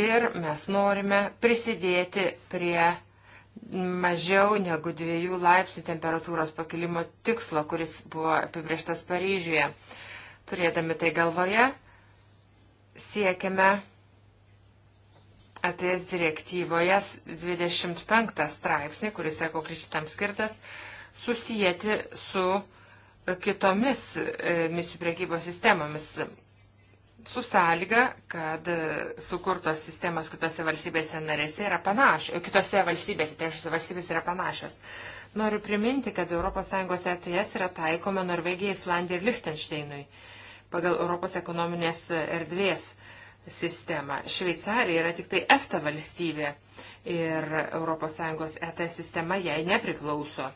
ir mes norime prisidėti prie mažiau negu dviejų laipsnių temperatūros pakilimo tikslo, kuris buvo apibrieštas Paryžiuje. Turėdami tai galvoje, siekiame ATS direktyvoje 25 straipsnį, kuris ekokrikštam skirtas, susijęti su kitomis e, misijų priekybos sistemomis. Su sąlyga, kad e, sukurtos sistemos kitose valstybėse narėse yra panašios, e, kitose valstybėse, trečiose tai valstybėse yra panašios. Noriu priminti, kad ES ETS yra taikoma Norvegijai, Islandijai ir Lichtensteinui pagal Europos ekonominės erdvės sistemą. Šveicarija yra tik tai EFTA valstybė ir ES ETS sistema jai nepriklauso.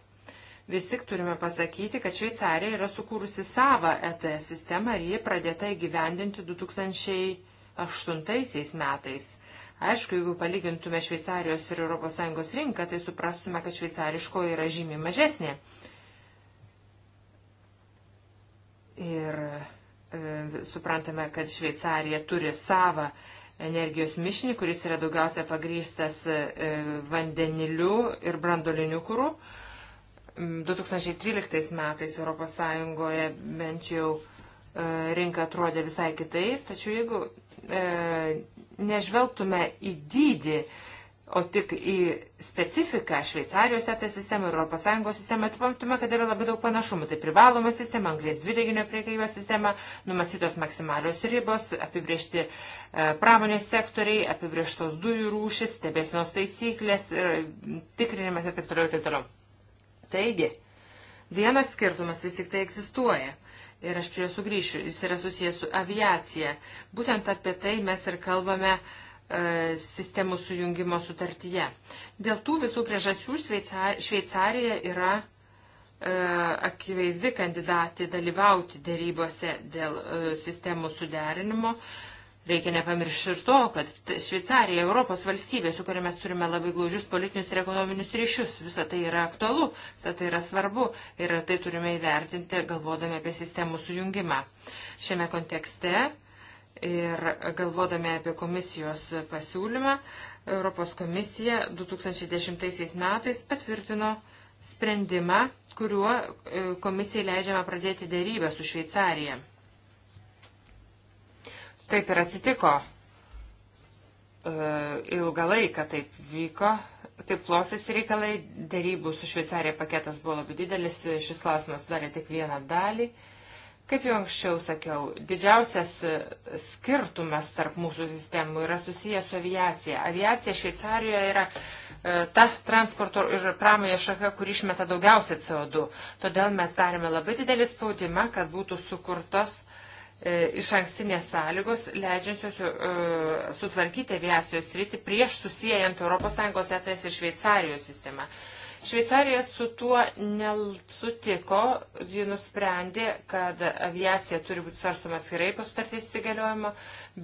Vis tik turime pasakyti, kad Šveicarija yra sukūrusi savo ETS sistemą ir ji pradėta įgyvendinti 2008 metais. Aišku, jeigu palygintume Šveicarijos ir ES rinką, tai suprastume, kad šveicariško yra žymiai mažesnė. Ir e, suprantame, kad Šveicarija turi savą energijos mišinį, kuris yra daugiausia pagrystas e, vandeniliu ir brandoliniu kūru. E, 2013 metais ES bent jau e, rinka atrodė visai kitaip, tačiau jeigu e, nežvelgtume į dydį, o tik į specifiką Šveicarijos ETA sistemą ir ES sistemą, atpamtume, tai kad yra labai daug panašumų. Tai privaloma sistema, anglės dvideginio priekybos sistema, numasytos maksimalios ribos, apibriežti e, pramonės sektoriai, apibrieštos dujų rūšis, stebėsinos taisyklės, e, tikrinimas ir taip toliau ir taip toliau. Taigi, vienas skirtumas vis tik tai egzistuoja. Ir aš prie jo sugrįšiu. Jis yra susijęs su aviacija. Būtent apie tai mes ir kalbame e, sistemų sujungimo sutartyje. Dėl tų visų priežasčių Šveicarija yra e, akivaizdi kandidatė dalyvauti dėrybose dėl e, sistemų suderinimo, Reikia nepamiršti ir to, kad Šveicarija, Europos valstybė, su kuria mes turime labai glaudžius politinius ir ekonominius ryšius, visa tai yra aktualu, visa tai yra svarbu ir tai turime įvertinti, galvodami apie sistemų sujungimą. Šiame kontekste ir galvodami apie komisijos pasiūlymą, Europos komisija 2010 metais patvirtino sprendimą, kuriuo e, komisijai leidžiama pradėti dėrybę su Šveicarija. Taip ir atsitiko. E, ilgą laiką taip vyko, taip klostėsi reikalai, dėrybų su Šveicarija paketas buvo labai didelis, šis klausimas sudarė tik vieną dalį. Kaip jau anksčiau sakiau, didžiausias skirtumas tarp mūsų sistemų yra susijęs su aviacija. Aviacija Šveicarijoje yra e, ta transporto ir pramonės šaka, kur išmeta daugiausia CO2. Todėl mes darėme labai didelį spaudimą, kad būtų sukurtos E, iš ankstinės sąlygos, leidžiančios e, sutvarkyti aviacijos rytį prieš susijęjant ES ETS ir Šveicarijos sistemą. Šveicarija su tuo nesutiko, ji nusprendė, kad aviacija turi būti svarstoma atskirai po sutarties įsigaliojimo,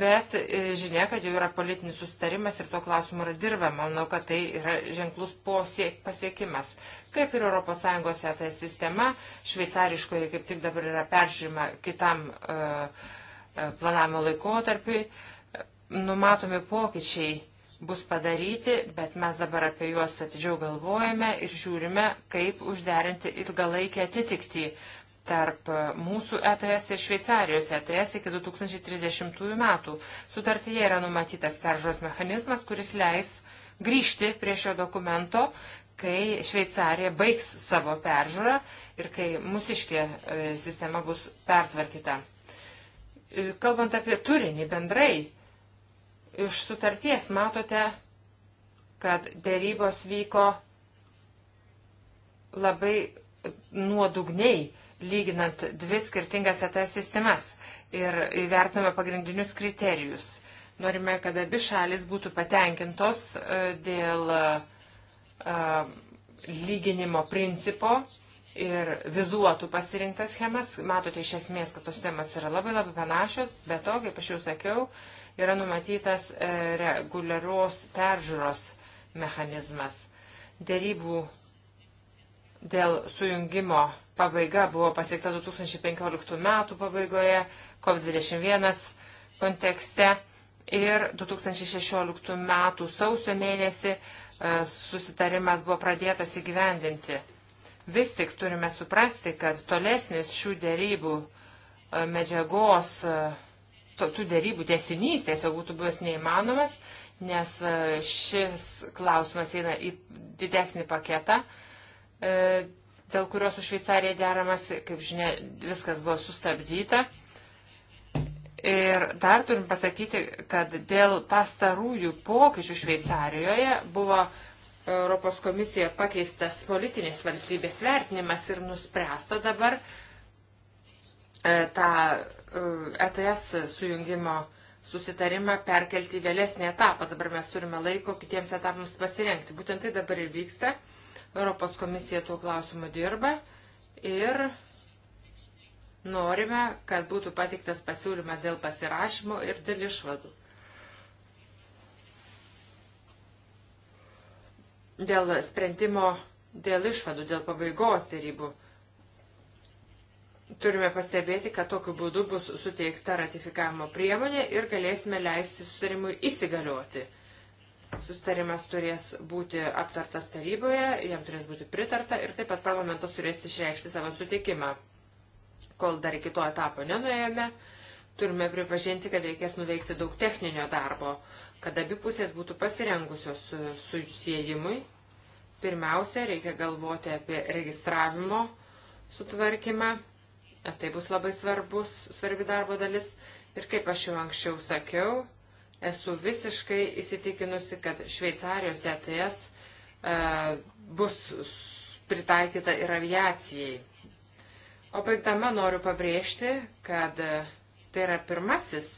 bet e, žinia, kad jau yra politinis sustarimas ir tuo klausimu yra dirbama. Manau, kad tai yra ženklus posiek, pasiekimas. Kaip ir ES ETS sistema, šveicariškoje kaip tik dabar yra peržiūrima kitam uh, planavimo laikotarpiui, numatomi pokyčiai bus padaryti, bet mes dabar apie juos atidžiau galvojame ir žiūrime, kaip užderinti ilgalaikį atitikti tarp mūsų ETS ir Šveicarijos ETS iki 2030 metų. Sutartyje yra numatytas peržos mechanizmas, kuris leis grįžti prie šio dokumento, kai Šveicarija baigs savo peržiūrą ir kai mūsiškė e, sistema bus pertvarkyta. E, kalbant apie turinį bendrai, Iš sutarties matote, kad dėrybos vyko labai nuodugniai, lyginant dvi skirtingas ETS sistemas ir įvertiname pagrindinius kriterijus. Norime, kad abi šalis būtų patenkintos e, dėl e, lyginimo principo ir vizuotų pasirinktas schemas. Matote iš esmės, kad tos schemas yra labai labai panašios, bet to, kaip aš jau sakiau, yra numatytas e, reguliaros peržiūros mechanizmas. Dėrybų dėl sujungimo pabaiga buvo pasiekta 2015 metų pabaigoje, COP21 kontekste ir 2016 metų sausio mėnesį e, susitarimas buvo pradėtas įgyvendinti. Vis tik turime suprasti, kad tolesnis šių dėrybų e, medžiagos uh, tų dėrybų tiesinys tiesiog būtų buvęs neįmanomas, nes e, šis klausimas eina į didesnį paketą, e, dėl kurio su Šveicarija deramas, kaip žinia, viskas buvo sustabdyta. Ir dar turim pasakyti, kad dėl pastarųjų pokyčių Šveicarijoje buvo Europos komisija pakeistas politinės valstybės vertinimas ir nuspręsta dabar e, tą ETS sujungimo susitarimą perkelti į vėlesnį etapą. Dabar mes turime laiko kitiems etapams pasirengti. Būtent tai dabar ir vyksta. Europos komisija tuo klausimu dirba ir norime, kad būtų patiktas pasiūlymas dėl pasirašymo ir dėl išvadų. Dėl sprendimo, dėl išvadų, dėl pabaigos dėrybų turime pastebėti, kad tokiu būdu bus suteikta ratifikavimo priemonė ir galėsime leisti sustarimui įsigalioti. Sustarimas turės būti aptartas taryboje, jam turės būti pritarta ir taip pat parlamentas turės išreikšti savo sutikimą. Kol dar iki to etapo nenuėjome, turime pripažinti, kad reikės nuveikti daug techninio darbo, kad abi pusės būtų pasirengusios susijimui. Pirmiausia, reikia galvoti apie registravimo sutvarkymą Tai bus labai svarbus, svarbi darbo dalis. Ir kaip aš jau anksčiau sakiau, esu visiškai įsitikinusi, kad Šveicarijos ETS e, bus pritaikyta ir aviacijai. O baigdama noriu pabrėžti, kad e, tai yra pirmasis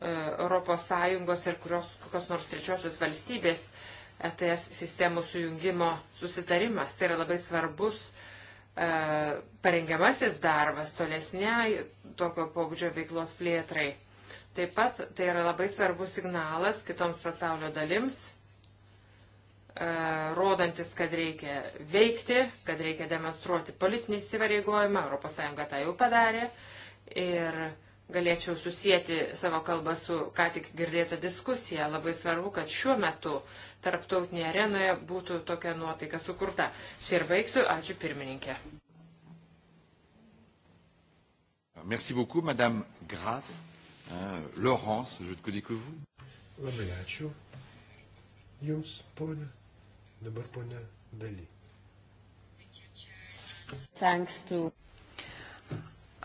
ES ir kurios, kokios nors trečiosios valstybės ETS sistemų sujungimo susitarimas. Tai yra labai svarbus uh, E, parengiamasis darbas tolesniai tokio pobūdžio veiklos plėtrai. Taip pat tai yra labai svarbus signalas kitoms pasaulio dalims, e, rodantis, kad reikia veikti, kad reikia demonstruoti politinį įsivareigojimą. ES tą jau padarė ir galėčiau susijęti savo kalbą su ką tik girdėta diskusija. Labai svarbu, kad šiuo metu uh, tarptautinėje arenoje būtų tokia nuotaika sukurta. Šia ir baigsiu. Ačiū pirmininkė. Merci beaucoup, Madame Graf. Hein, euh, Laurence, je ne connais que vous. Labai ačiū. Jums, ponė. Dabar ponė Daly. Thanks to.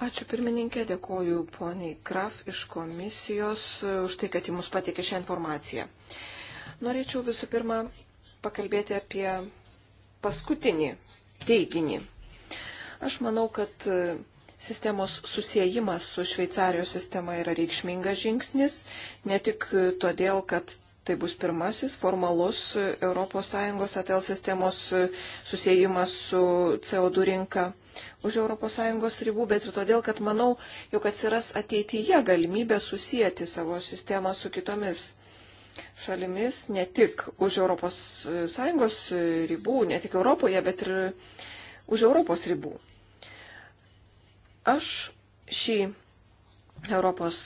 Ačiū pirmininkė, dėkoju poniai Kraf iš komisijos uh, už tai, kad jums patikė šią informaciją. Uh, Norėčiau visų pirma pakalbėti apie paskutinį teiginį. Aš manau, kad e, sistemos susijimas su Šveicarijos sistema yra reikšmingas žingsnis, ne tik e, todėl, kad Tai bus pirmasis formalus ES ATL sistemos e, susijimas su CO2 rinka už ES ribų, bet ir todėl, kad manau, jog atsiras ateityje galimybė susijęti savo sistemą su kitomis šalimis ne tik už ES e, e, ribų, ne tik Europoje, bet ir e, už Europos ribų. Aš šį Europos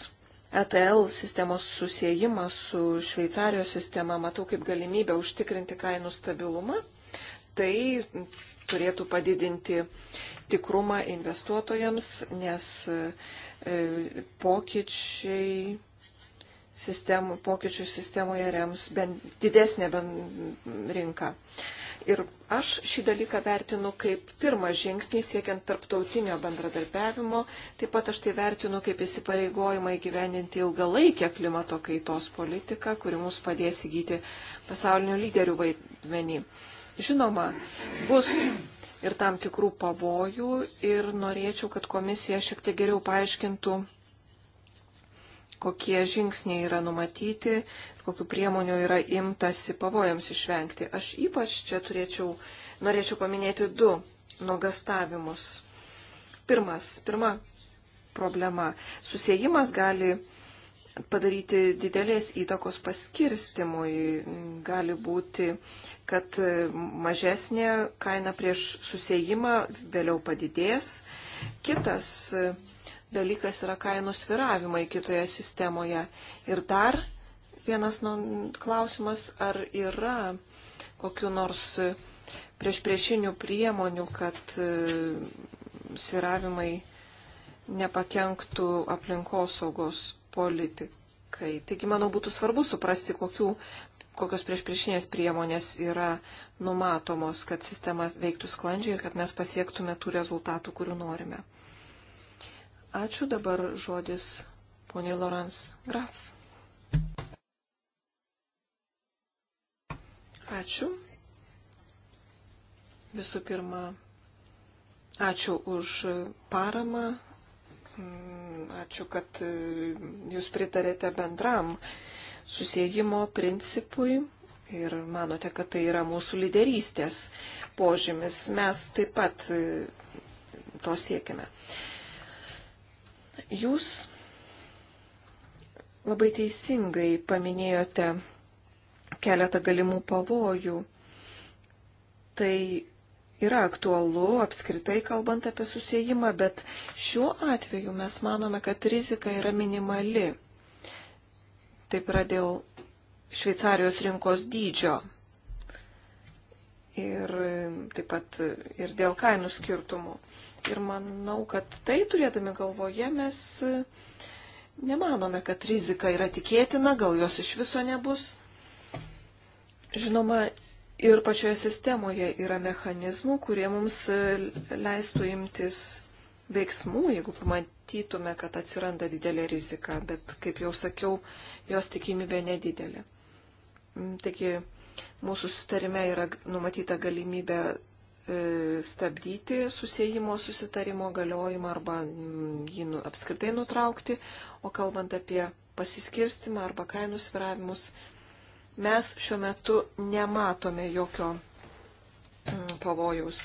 ETL sistemos susijimą su Šveicarijos sistema matau kaip galimybę užtikrinti kainų stabilumą. Tai turėtų padidinti tikrumą investuotojams, nes pokyčiai sistemų, pokyčių sistemoje rems bent didesnė bent rinka. Ir aš šį dalyką vertinu kaip pirmą žingsnį siekiant tarptautinio bendradarbiavimo, taip pat aš tai vertinu kaip įsipareigojimą įgyveninti ilgalaikę klimato kaitos politiką, kuri mums padės įgyti pasaulinių lyderių vaidmenį. Žinoma, bus ir tam tikrų pavojų ir norėčiau, kad komisija šiek tiek geriau paaiškintų kokie žingsniai yra numatyti, kokiu priemonių yra imtasi pavojams išvengti. Aš ypač čia turėčiau, norėčiau paminėti du nuogastavimus. Pirmas, pirma problema. Susijimas gali padaryti didelės įtakos paskirstimui. Gali būti, kad mažesnė kaina prieš susijimą vėliau padidės. Kitas dalykas yra kainų sviravimai kitoje sistemoje. Ir dar vienas nu, klausimas, ar yra kokiu nors prieš priešinių priemonių, kad e, sviravimai nepakenktų aplinkosaugos politikai. Taigi, manau, būtų svarbu suprasti, kokių, kokios prieš priešinės priemonės yra numatomos, kad sistema veiktų sklandžiai ir kad mes pasiektume tų rezultatų, kurių norime. Ačiū dabar žodis poniai Lorans Graf. Ačiū. Visų pirma, ačiū už paramą, mm, ačiū, kad e, jūs pritarėte bendram susijimo principui ir manote, kad tai yra mūsų lyderystės požymis. Mes taip pat e, to siekime. Jūs labai teisingai paminėjote keletą galimų pavojų. Tai yra aktualu apskritai kalbant apie susijimą, bet šiuo atveju mes manome, kad rizika yra minimali. Taip yra dėl Šveicarijos rinkos dydžio ir taip pat ir dėl kainų skirtumų. Ir manau, kad tai turėdami galvoje mes e, nemanome, kad rizika yra tikėtina, gal jos iš viso nebus. Žinoma, ir pačioje sistemoje yra mechanizmų, kurie mums e, leistų imtis veiksmų, jeigu pamatytume, kad atsiranda didelė rizika, bet, kaip jau sakiau, jos tikimybė nedidelė. Taigi, mūsų sustarime yra numatyta galimybė E, stabdyti susėjimo susitarimo galiojimą arba mm, jį nu, apskritai nutraukti, o kalbant apie pasiskirstimą arba kainų sviravimus, mes šiuo metu nematome jokio mm, pavojaus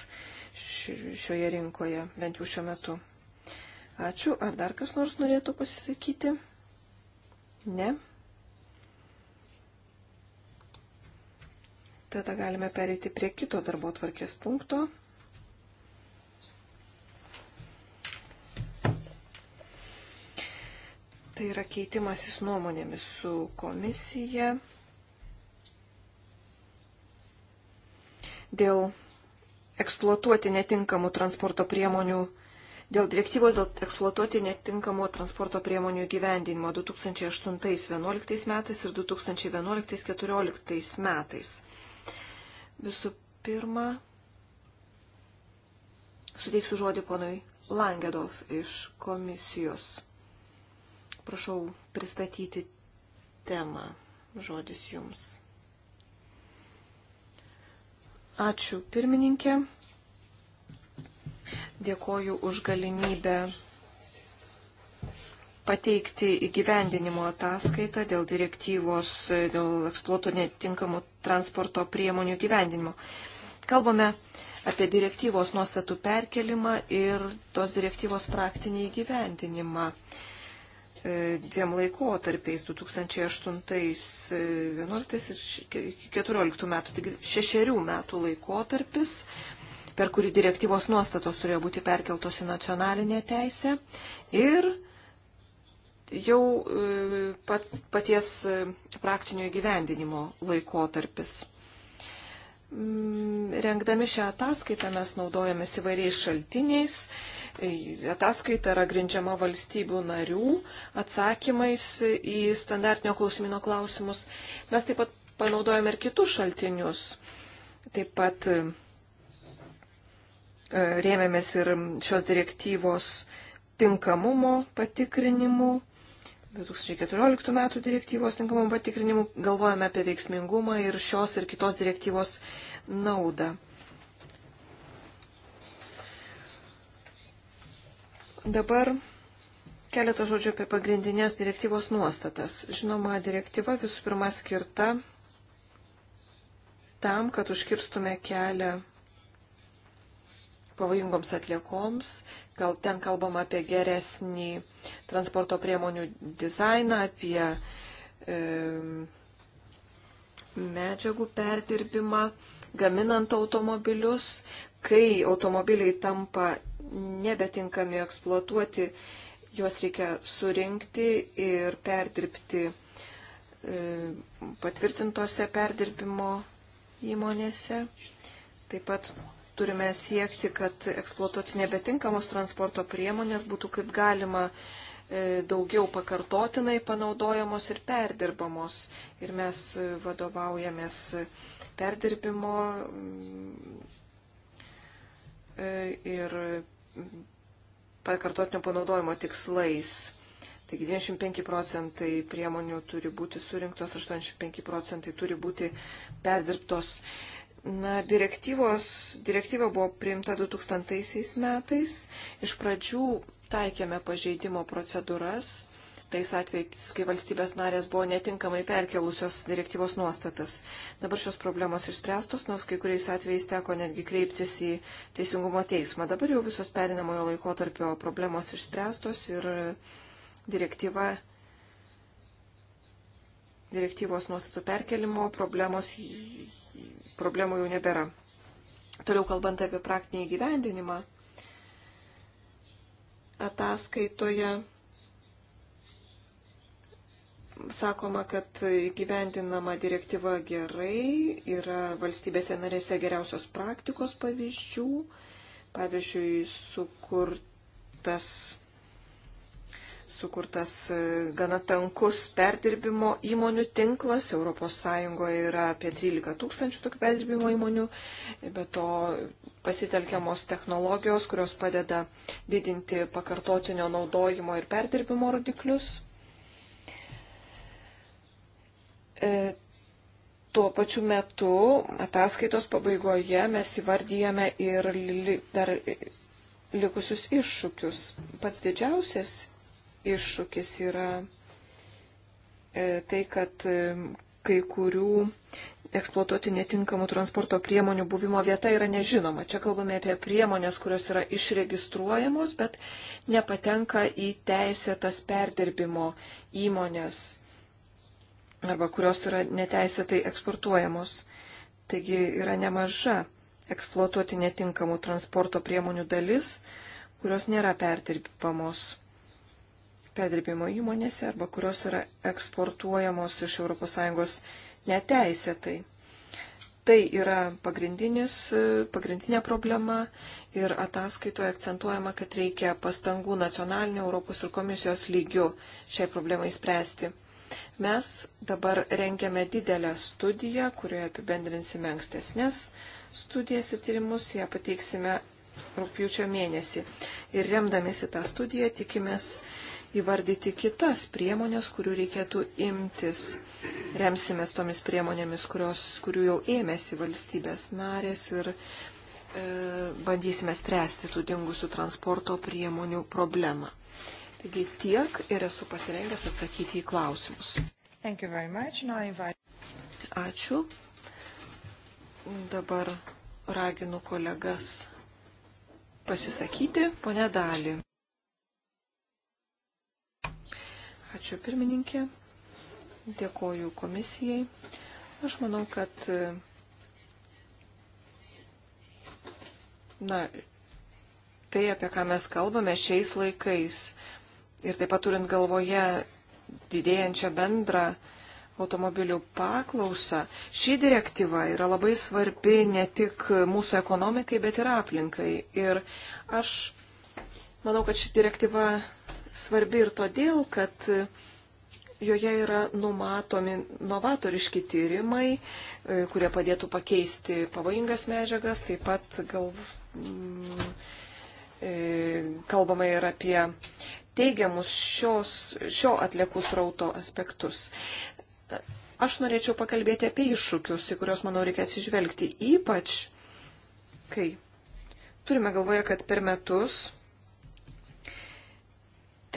šioje rinkoje, bent jau šiuo metu. Ačiū. Ar dar kas nors norėtų pasisakyti? Ne. Tada galime pereiti prie kito darbo tvarkės punkto. Tai yra keitimasis nuomonėmis su komisija dėl eksploatuoti netinkamų transporto priemonių, dėl direktyvos dėl eksploatuoti netinkamų transporto priemonių gyvendinimo 2008-2011 metais ir 2011-2014 metais. Visų pirma, suteiksiu žodį ponui Langedov iš komisijos. Prašau pristatyti temą. Žodis jums. Ačiū pirmininkė. Dėkoju už galimybę pateikti įgyvendinimo ataskaitą dėl direktyvos, dėl eksploatų netinkamų transporto priemonių įgyvendinimo. Kalbame apie direktyvos nuostatų perkelimą ir tos direktyvos praktinį įgyvendinimą e, dviem laikotarpiais 2008-2011 ir 2014 metų, tik šešerių metų laikotarpis, per kurį direktyvos nuostatos turėjo būti perkeltos į nacionalinę teisę ir jau e, pat, paties e, praktinio įgyvendinimo laikotarpis. Mm, rengdami šią ataskaitą mes naudojame įvairiais šaltiniais. E, ataskaita yra grindžiama valstybių narių atsakymais į standartinio klausimino klausimus. Mes taip pat panaudojame ir kitus šaltinius. Taip pat rėmėmės ir šios direktyvos tinkamumo patikrinimu 2014 metų direktyvos tinkamumo patikrinimų, galvojame apie veiksmingumą ir šios ir kitos direktyvos naudą. Dabar keletą žodžių apie pagrindinės direktyvos nuostatas. Žinoma, direktyva visų pirma skirta tam, kad užkirstume kelią pavojingoms atliekoms, gal ten kalbam apie geresnį transporto priemonių dizainą, apie e, medžiagų perdirbimą, gaminant automobilius, kai automobiliai tampa nebetinkami eksploatuoti, juos reikia surinkti ir perdirbti e, patvirtintose perdirbimo įmonėse. Taip pat turime siekti, kad eksploatuoti nebetinkamos transporto priemonės būtų kaip galima e, daugiau pakartotinai panaudojamos ir perdirbamos. Ir mes e, vadovaujamės perdirbimo mm, e, ir pakartotinio panaudojimo tikslais. Taigi 25 procentai priemonių turi būti surinktos, 85 procentai turi būti perdirbtos. Na, direktyvos, direktyva buvo priimta 2000 metais. Iš pradžių taikėme pažeidimo procedūras tais atvejais, kai valstybės narės buvo netinkamai perkelusios direktyvos nuostatas. Dabar šios problemos išspręstos, nors kai kuriais atvejais teko netgi kreiptis į Teisingumo teismą. Dabar jau visos perinamojo laikotarpio problemos išspręstos ir direktyva, direktyvos nuostatų perkelimo problemos problemų jau nebėra. Toliau kalbant apie praktinį įgyvendinimą, ataskaitoje sakoma, kad gyvendinama direktyva gerai, yra valstybėse narėse geriausios praktikos pavyzdžių, pavyzdžiui, sukurtas sukurtas e, gana tankus perdirbimo įmonių tinklas. ES yra apie 13 tūkstančių tokių perdirbimo įmonių, bet to pasitelkiamos technologijos, kurios padeda didinti pakartotinio naudojimo ir perdirbimo rodiklius. E, tuo pačiu metu ataskaitos pabaigoje mes įvardyjame ir dar likusius iššūkius. Pats didžiausias iššūkis yra e, tai, kad e, kai kurių eksploatuoti netinkamų transporto priemonių buvimo vieta yra nežinoma. Čia kalbame apie priemonės, kurios yra išregistruojamos, bet nepatenka į teisėtas perdirbimo įmonės arba kurios yra neteisėtai eksportuojamos. Taigi yra nemaža eksploatuoti netinkamų transporto priemonių dalis, kurios nėra perdirbamos perdirbimo įmonėse arba kurios yra eksportuojamos iš ES neteisėtai. Tai yra pagrindinė problema ir ataskaitoje akcentuojama, kad reikia pastangų nacionalinių Europos ir komisijos lygių šiai problemai spręsti. Mes dabar rengiame didelę studiją, kurioje apibendrinsime ankstesnės studijas ir tyrimus, ją pateiksime rūpjūčio mėnesį. Ir remdamėsi tą studiją tikimės įvardyti kitas priemonės, kurių reikėtų imtis. Remsimės tomis priemonėmis, kurios, kurių jau ėmėsi valstybės narės ir e, bandysime spręsti tų dingusių transporto priemonių problemą. Taigi tiek ir esu pasirengęs atsakyti į klausimus. Invite... Ačiū. Dabar raginu kolegas pasisakyti, ponė Dali. Ačiū pirmininkė. Dėkoju komisijai. Aš manau, kad na, tai, apie ką mes kalbame šiais laikais ir taip pat turint galvoje didėjančią bendrą automobilių paklausą, ši direktyva yra labai svarbi ne tik mūsų ekonomikai, bet ir aplinkai. Ir aš manau, kad ši direktyva svarbi ir todėl, kad joje yra numatomi novatoriški tyrimai, e, kurie padėtų pakeisti pavojingas medžiagas, taip pat gal, mm, e, kalbama ir apie teigiamus šios, šio atliekų srauto aspektus. Aš norėčiau pakalbėti apie iššūkius, į kuriuos, manau, reikia atsižvelgti, ypač kai turime galvoje, kad per metus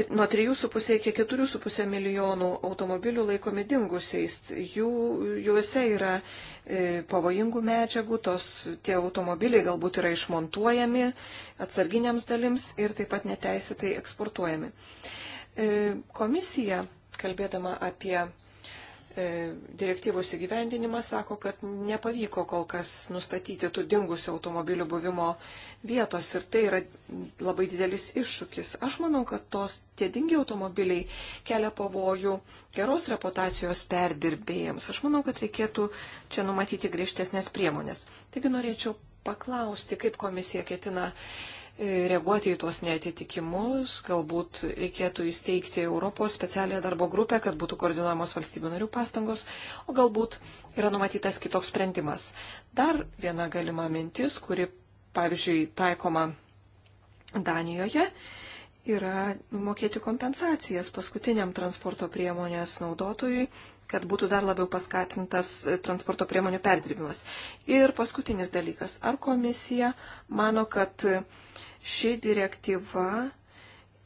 nuo 3,5 iki 4,5 milijonų automobilių laikomi dingusiais. Jų, juose yra e, pavojingų medžiagų, tos, tie automobiliai galbūt yra išmontuojami atsarginiams dalims ir taip pat neteisėtai eksportuojami. E, komisija, kalbėdama apie E, direktyvos įgyvendinimas sako, kad nepavyko kol kas nustatyti tų dingusių automobilių buvimo vietos ir tai yra labai didelis iššūkis. Aš manau, kad tos tie dingi automobiliai kelia pavojų geros reputacijos perdirbėjams. Aš manau, kad reikėtų čia numatyti griežtesnės priemonės. Taigi norėčiau paklausti, kaip komisija ketina reaguoti į tuos neatitikimus, galbūt reikėtų įsteigti Europos specialią darbo grupę, kad būtų koordinuojamos valstybių narių pastangos, o galbūt yra numatytas kitoks sprendimas. Dar viena galima mintis, kuri, pavyzdžiui, taikoma Danijoje, yra mokėti kompensacijas paskutiniam transporto priemonės naudotojui kad būtų dar labiau paskatintas e, transporto priemonių perdirbimas. Ir paskutinis dalykas. Ar komisija mano, kad uh, ši direktyva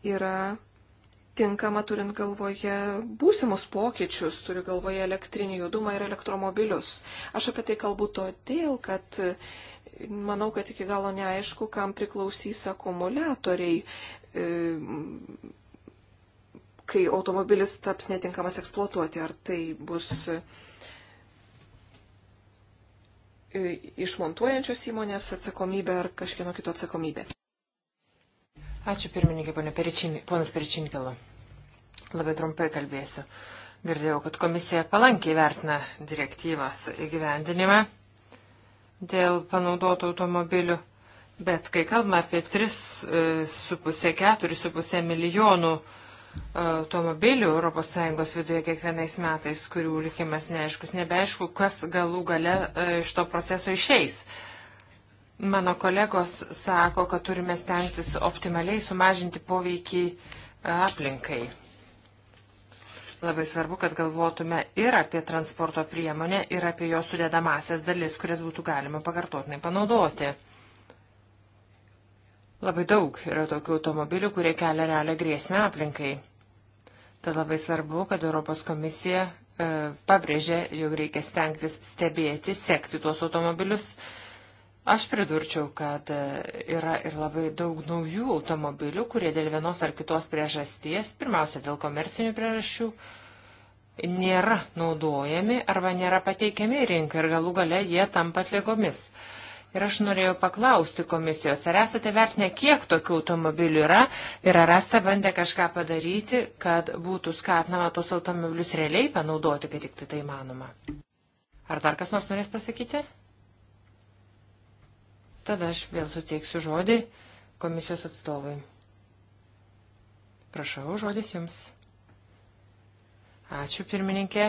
yra tinkama turint galvoje būsimus pokyčius, turiu galvoje elektrinį judumą ir elektromobilius. Aš apie tai kalbu todėl, kad manau, kad iki galo neaišku, kam priklausys akumuliatoriai, e, kai automobilis taps netinkamas eksploatuoti. Ar tai bus e, išmontuojančios įmonės atsakomybė ar kažkieno kito atsakomybė. Ačiū pirmininkai, ponas Peričinkilo. Labai trumpai kalbėsiu. Girdėjau, kad komisija palankiai vertina direktyvos įgyvendinimą dėl panaudotų automobilių, bet kai kalbame apie 3,5-4,5 e, milijonų e, automobilių ES viduje kiekvienais metais, kurių likimas neaiškus, nebeaišku, kas galų gale e, iš to proceso išeis. Mano kolegos sako, kad turime stengtis optimaliai sumažinti poveikį e, aplinkai. Labai svarbu, kad galvotume ir apie transporto priemonę, ir apie jos sudėdamasias dalis, kurias būtų galima pakartotinai panaudoti. Labai daug yra tokių automobilių, kurie kelia realią grėsmę aplinkai. Tad labai svarbu, kad Europos komisija e, pabrėžė, jog reikia stengtis stebėti, sekti tuos automobilius, e, Aš pridurčiau, kad e, yra ir labai daug naujų automobilių, kurie dėl vienos ar kitos priežasties, pirmiausia dėl komercinių priežasčių, nėra naudojami arba nėra pateikiami į rinką ir galų gale jie tampa atliegomis. Ir aš norėjau paklausti komisijos, ar esate vertinę, kiek tokių automobilių yra ir ar esate bandę kažką padaryti, kad būtų skatinama tos automobilius realiai panaudoti, kai tik tai, tai manoma. Ar dar kas nors norės pasakyti? Tada aš vėl suteiksiu žodį komisijos atstovui. Prašau, žodis jums. Ačiū, pirmininkė.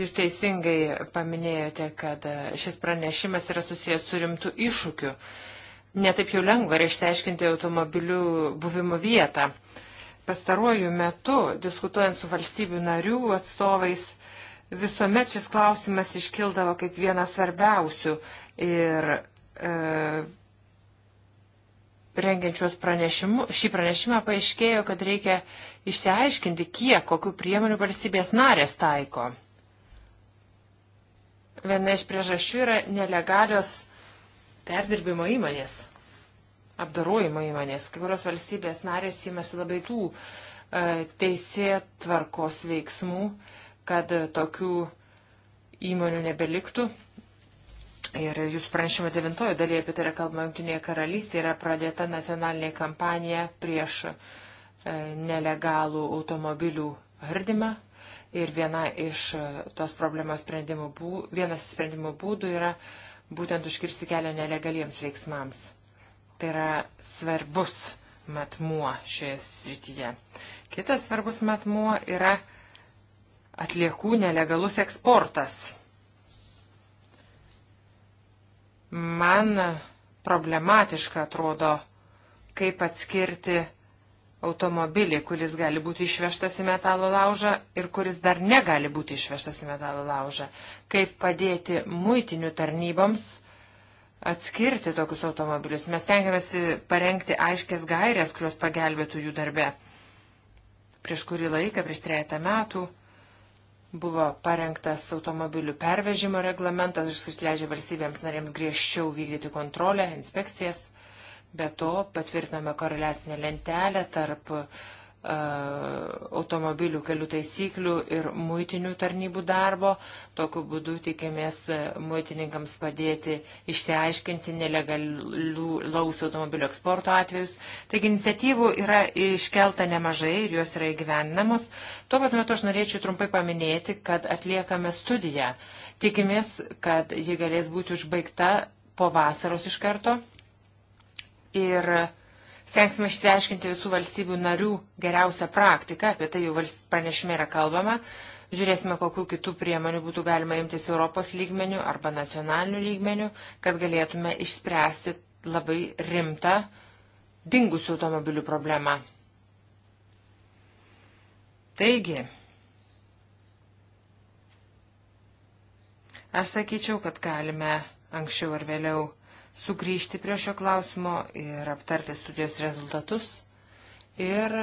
Jūs teisingai paminėjote, kad šis pranešimas yra susijęs su rimtu iššūkiu. Netaip jau lengva yra išsiaiškinti automobilių buvimo vietą. Uh, pastaruoju metu, diskutuojant su valstybių narių atstovais, visuomet šis klausimas iškildavo kaip vienas svarbiausių ir e, rengiančios šį pranešimą paaiškėjo, kad reikia išsiaiškinti, kiek kokių priemonių valstybės narės taiko. Viena iš priežasčių yra nelegalios perdirbimo įmonės apdarojimo įmonės. Kai kurios valstybės narės įmasi labai tų e, teisė tvarkos veiksmų, kad tokių įmonių nebeliktų. Ir jūsų pranešimo devintojo dalyje apie tai yra kalbama Junktinėje karalystėje, yra pradėta nacionalinė kampanija prieš e, nelegalų automobilių hardimą. Ir viena iš e, tos problemos sprendimų, bū, vienas sprendimų būdų yra būtent užkirsti kelią nelegaliems veiksmams. Tai yra svarbus matmuo šioje srityje. Kitas svarbus matmuo yra atliekų nelegalus eksportas. Man problematiška atrodo, kaip atskirti automobilį, kuris gali būti išvežtas į metalo laužą ir kuris dar negali būti išvežtas į metalo laužą. Kaip padėti muitinių tarnyboms atskirti tokius automobilius. Mes tengiamės parengti aiškės gairės, kurios pagelbėtų jų darbe. Prieš kurį laiką, prieš trejata metų, buvo parengtas automobilių pervežimo reglamentas, kuris leidžia valstybėms narėms griežčiau vykdyti kontrolę, inspekcijas. Be to patvirtiname koreliacinę lentelę tarp uh, E, automobilių kelių taisyklių ir muitinių tarnybų darbo. Tokiu būdu tikėmės muitininkams padėti išsiaiškinti nelegalaus automobilio eksporto atvejus. Taigi iniciatyvų yra iškelta nemažai ir jos yra įgyvendinamos. Tuo pat metu aš norėčiau trumpai paminėti, kad atliekame studiją. Tikimės, kad ji galės būti užbaigta po vasaros iš karto. Ir uh, Sengsime išsiaiškinti visų valstybių narių geriausią praktiką, apie tai jau pranešime yra kalbama. Žiūrėsime, kokiu kitų priemonių būtų galima imtis Europos lygmenių arba nacionalinių lygmenių, kad galėtume išspręsti labai rimtą dingusių automobilių problemą. Taigi, aš sakyčiau, kad galime anksčiau ar vėliau sugrįžti prie šio klausimo ir aptarti studijos rezultatus ir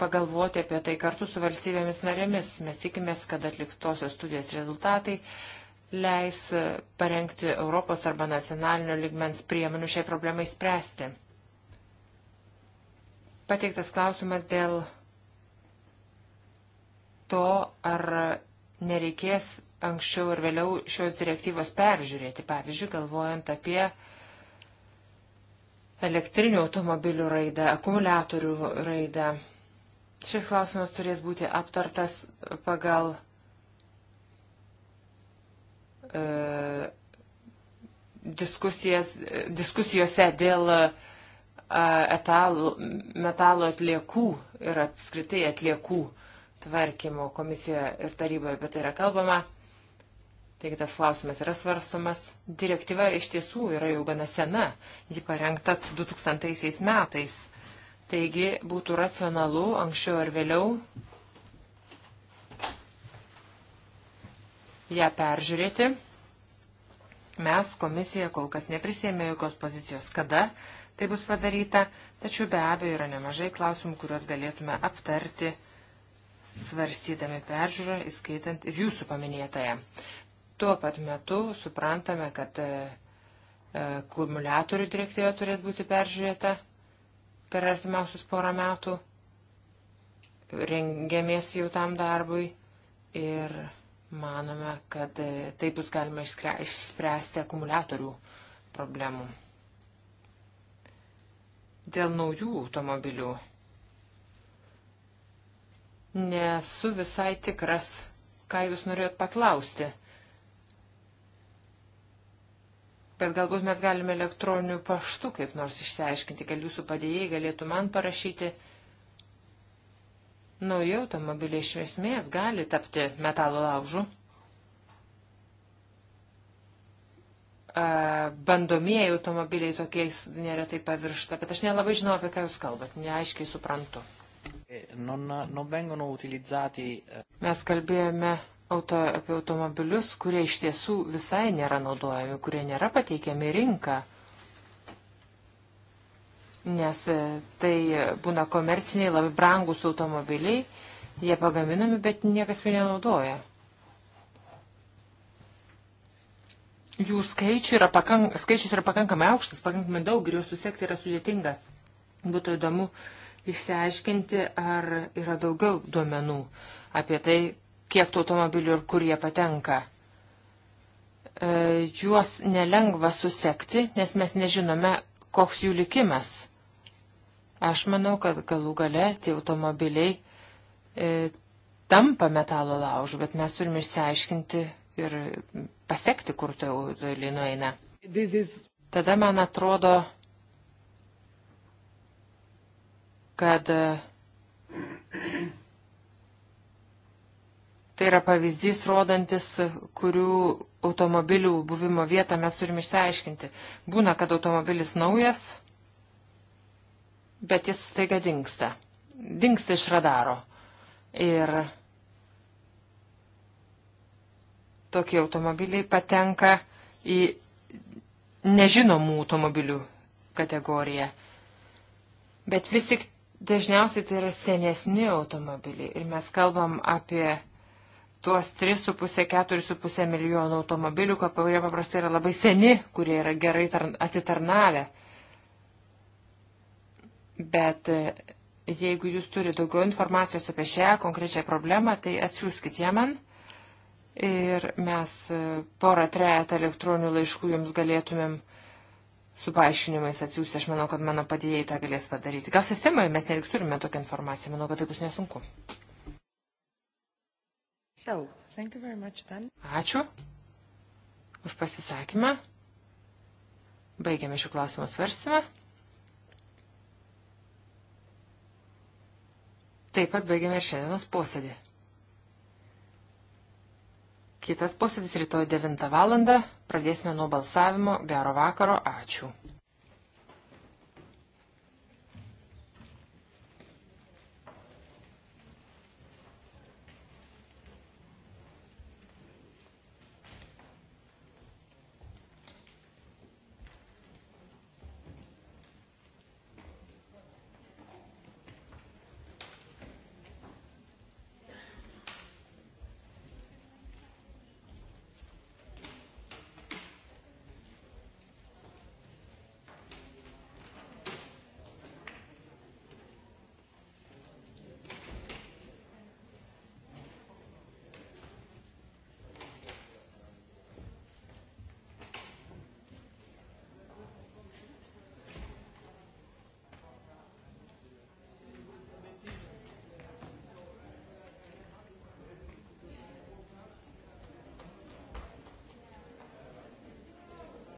pagalvoti apie tai kartu su valstybėmis narėmis. Mes tikimės, kad atliktosios studijos rezultatai leis parengti Europos arba nacionalinio ligmens priemonių šiai problemai spręsti. Pateiktas klausimas dėl to, ar nereikės anksčiau ir vėliau šios direktyvos peržiūrėti, pavyzdžiui, galvojant apie uh, elektrinių automobilių raidą, akumuliatorių raidą. Šis klausimas turės būti aptartas pagal e, diskusijose dėl e, etalų, metalo atliekų ir apskritai atliekų tvarkymo komisijoje ir taryboje apie tai yra kalbama. Taigi tas klausimas yra svarstomas. Direktyva iš tiesų yra jau gana sena. Ji parengta 2000 metais. Taigi būtų racionalu anksčiau ar vėliau ją peržiūrėti. Mes komisija kol kas neprisėmė jokios pozicijos, kada tai bus padaryta, tačiau be abejo yra nemažai klausimų, kuriuos galėtume aptarti svarstydami peržiūrą, įskaitant ir jūsų paminėtąją. Tuo pat metu suprantame, kad e, e, kumuliatorių direktyva turės būti peržiūrėta per artimiausius porą metų. Rengiamės jau tam darbui ir manome, kad e, taip bus galima išspręsti akumuliatorių problemų. Dėl naujų automobilių nesu visai tikras, ką jūs norėjot paklausti. Bet galbūt mes galime elektroniniu paštu kaip nors išsiaiškinti, kad jūsų padėjėjai galėtų man parašyti. Nauji automobiliai iš esmės gali tapti metalo laužų. Bandomieji automobiliai tokiais neretai paviršta, bet aš nelabai žinau, apie ką jūs kalbat, neaiškiai suprantu. E, e, mes kalbėjome auto, apie automobilius, kurie iš tiesų visai nėra naudojami, kurie nėra pateikiami rinką. Nes e, tai būna komerciniai, labai brangus automobiliai, jie pagaminami, bet niekas jų nenaudoja. Jų skaičius yra, pakank, skaičius yra pakankamai aukštas, pakankamai daug ir juos susiekti yra sudėtinga. Būtų įdomu išsiaiškinti, ar yra daugiau duomenų apie tai, kiek tų automobilių ir kur jie patenka. E, juos nelengva susekti, nes mes nežinome, koks jų likimas. Aš manau, kad galų gale tie automobiliai e, tampa metalo laužu, bet mes turime išsiaiškinti ir pasiekti, kur tai linu eina. Is... Tada man atrodo, kad Tai yra pavyzdys rodantis, kurių automobilių buvimo vietą mes turim išsiaiškinti. Būna, kad automobilis naujas, bet jis staiga dinksta. Dinksta iš radaro. Ir tokie automobiliai patenka į nežinomų automobilių kategoriją. Bet vis tik dažniausiai tai yra senesni automobiliai. Ir mes kalbam apie tuos 3,5-4,5 milijonų automobilių, kurie paprastai yra labai seni, kurie yra gerai atitarnavę. Bet e, jeigu jūs turite daugiau informacijos apie šią konkrečią problemą, tai atsiųskite ją man ir mes e, porą trejatą elektroninių laiškų jums galėtumėm su paaiškinimais atsiųsti. Aš manau, kad mano padėjėjai tą galės padaryti. Gal sistemoje mes nelik turime tokią informaciją. Manau, kad tai bus nesunku. So, much, then. Ačiū už pasisakymą. Baigiame šių klausimų svarstymą. Taip pat baigiame ir šiandienos posėdį. Kitas posėdis rytoj 9 val. Pradėsime nuo balsavimo. Gero vakaro. Ačiū.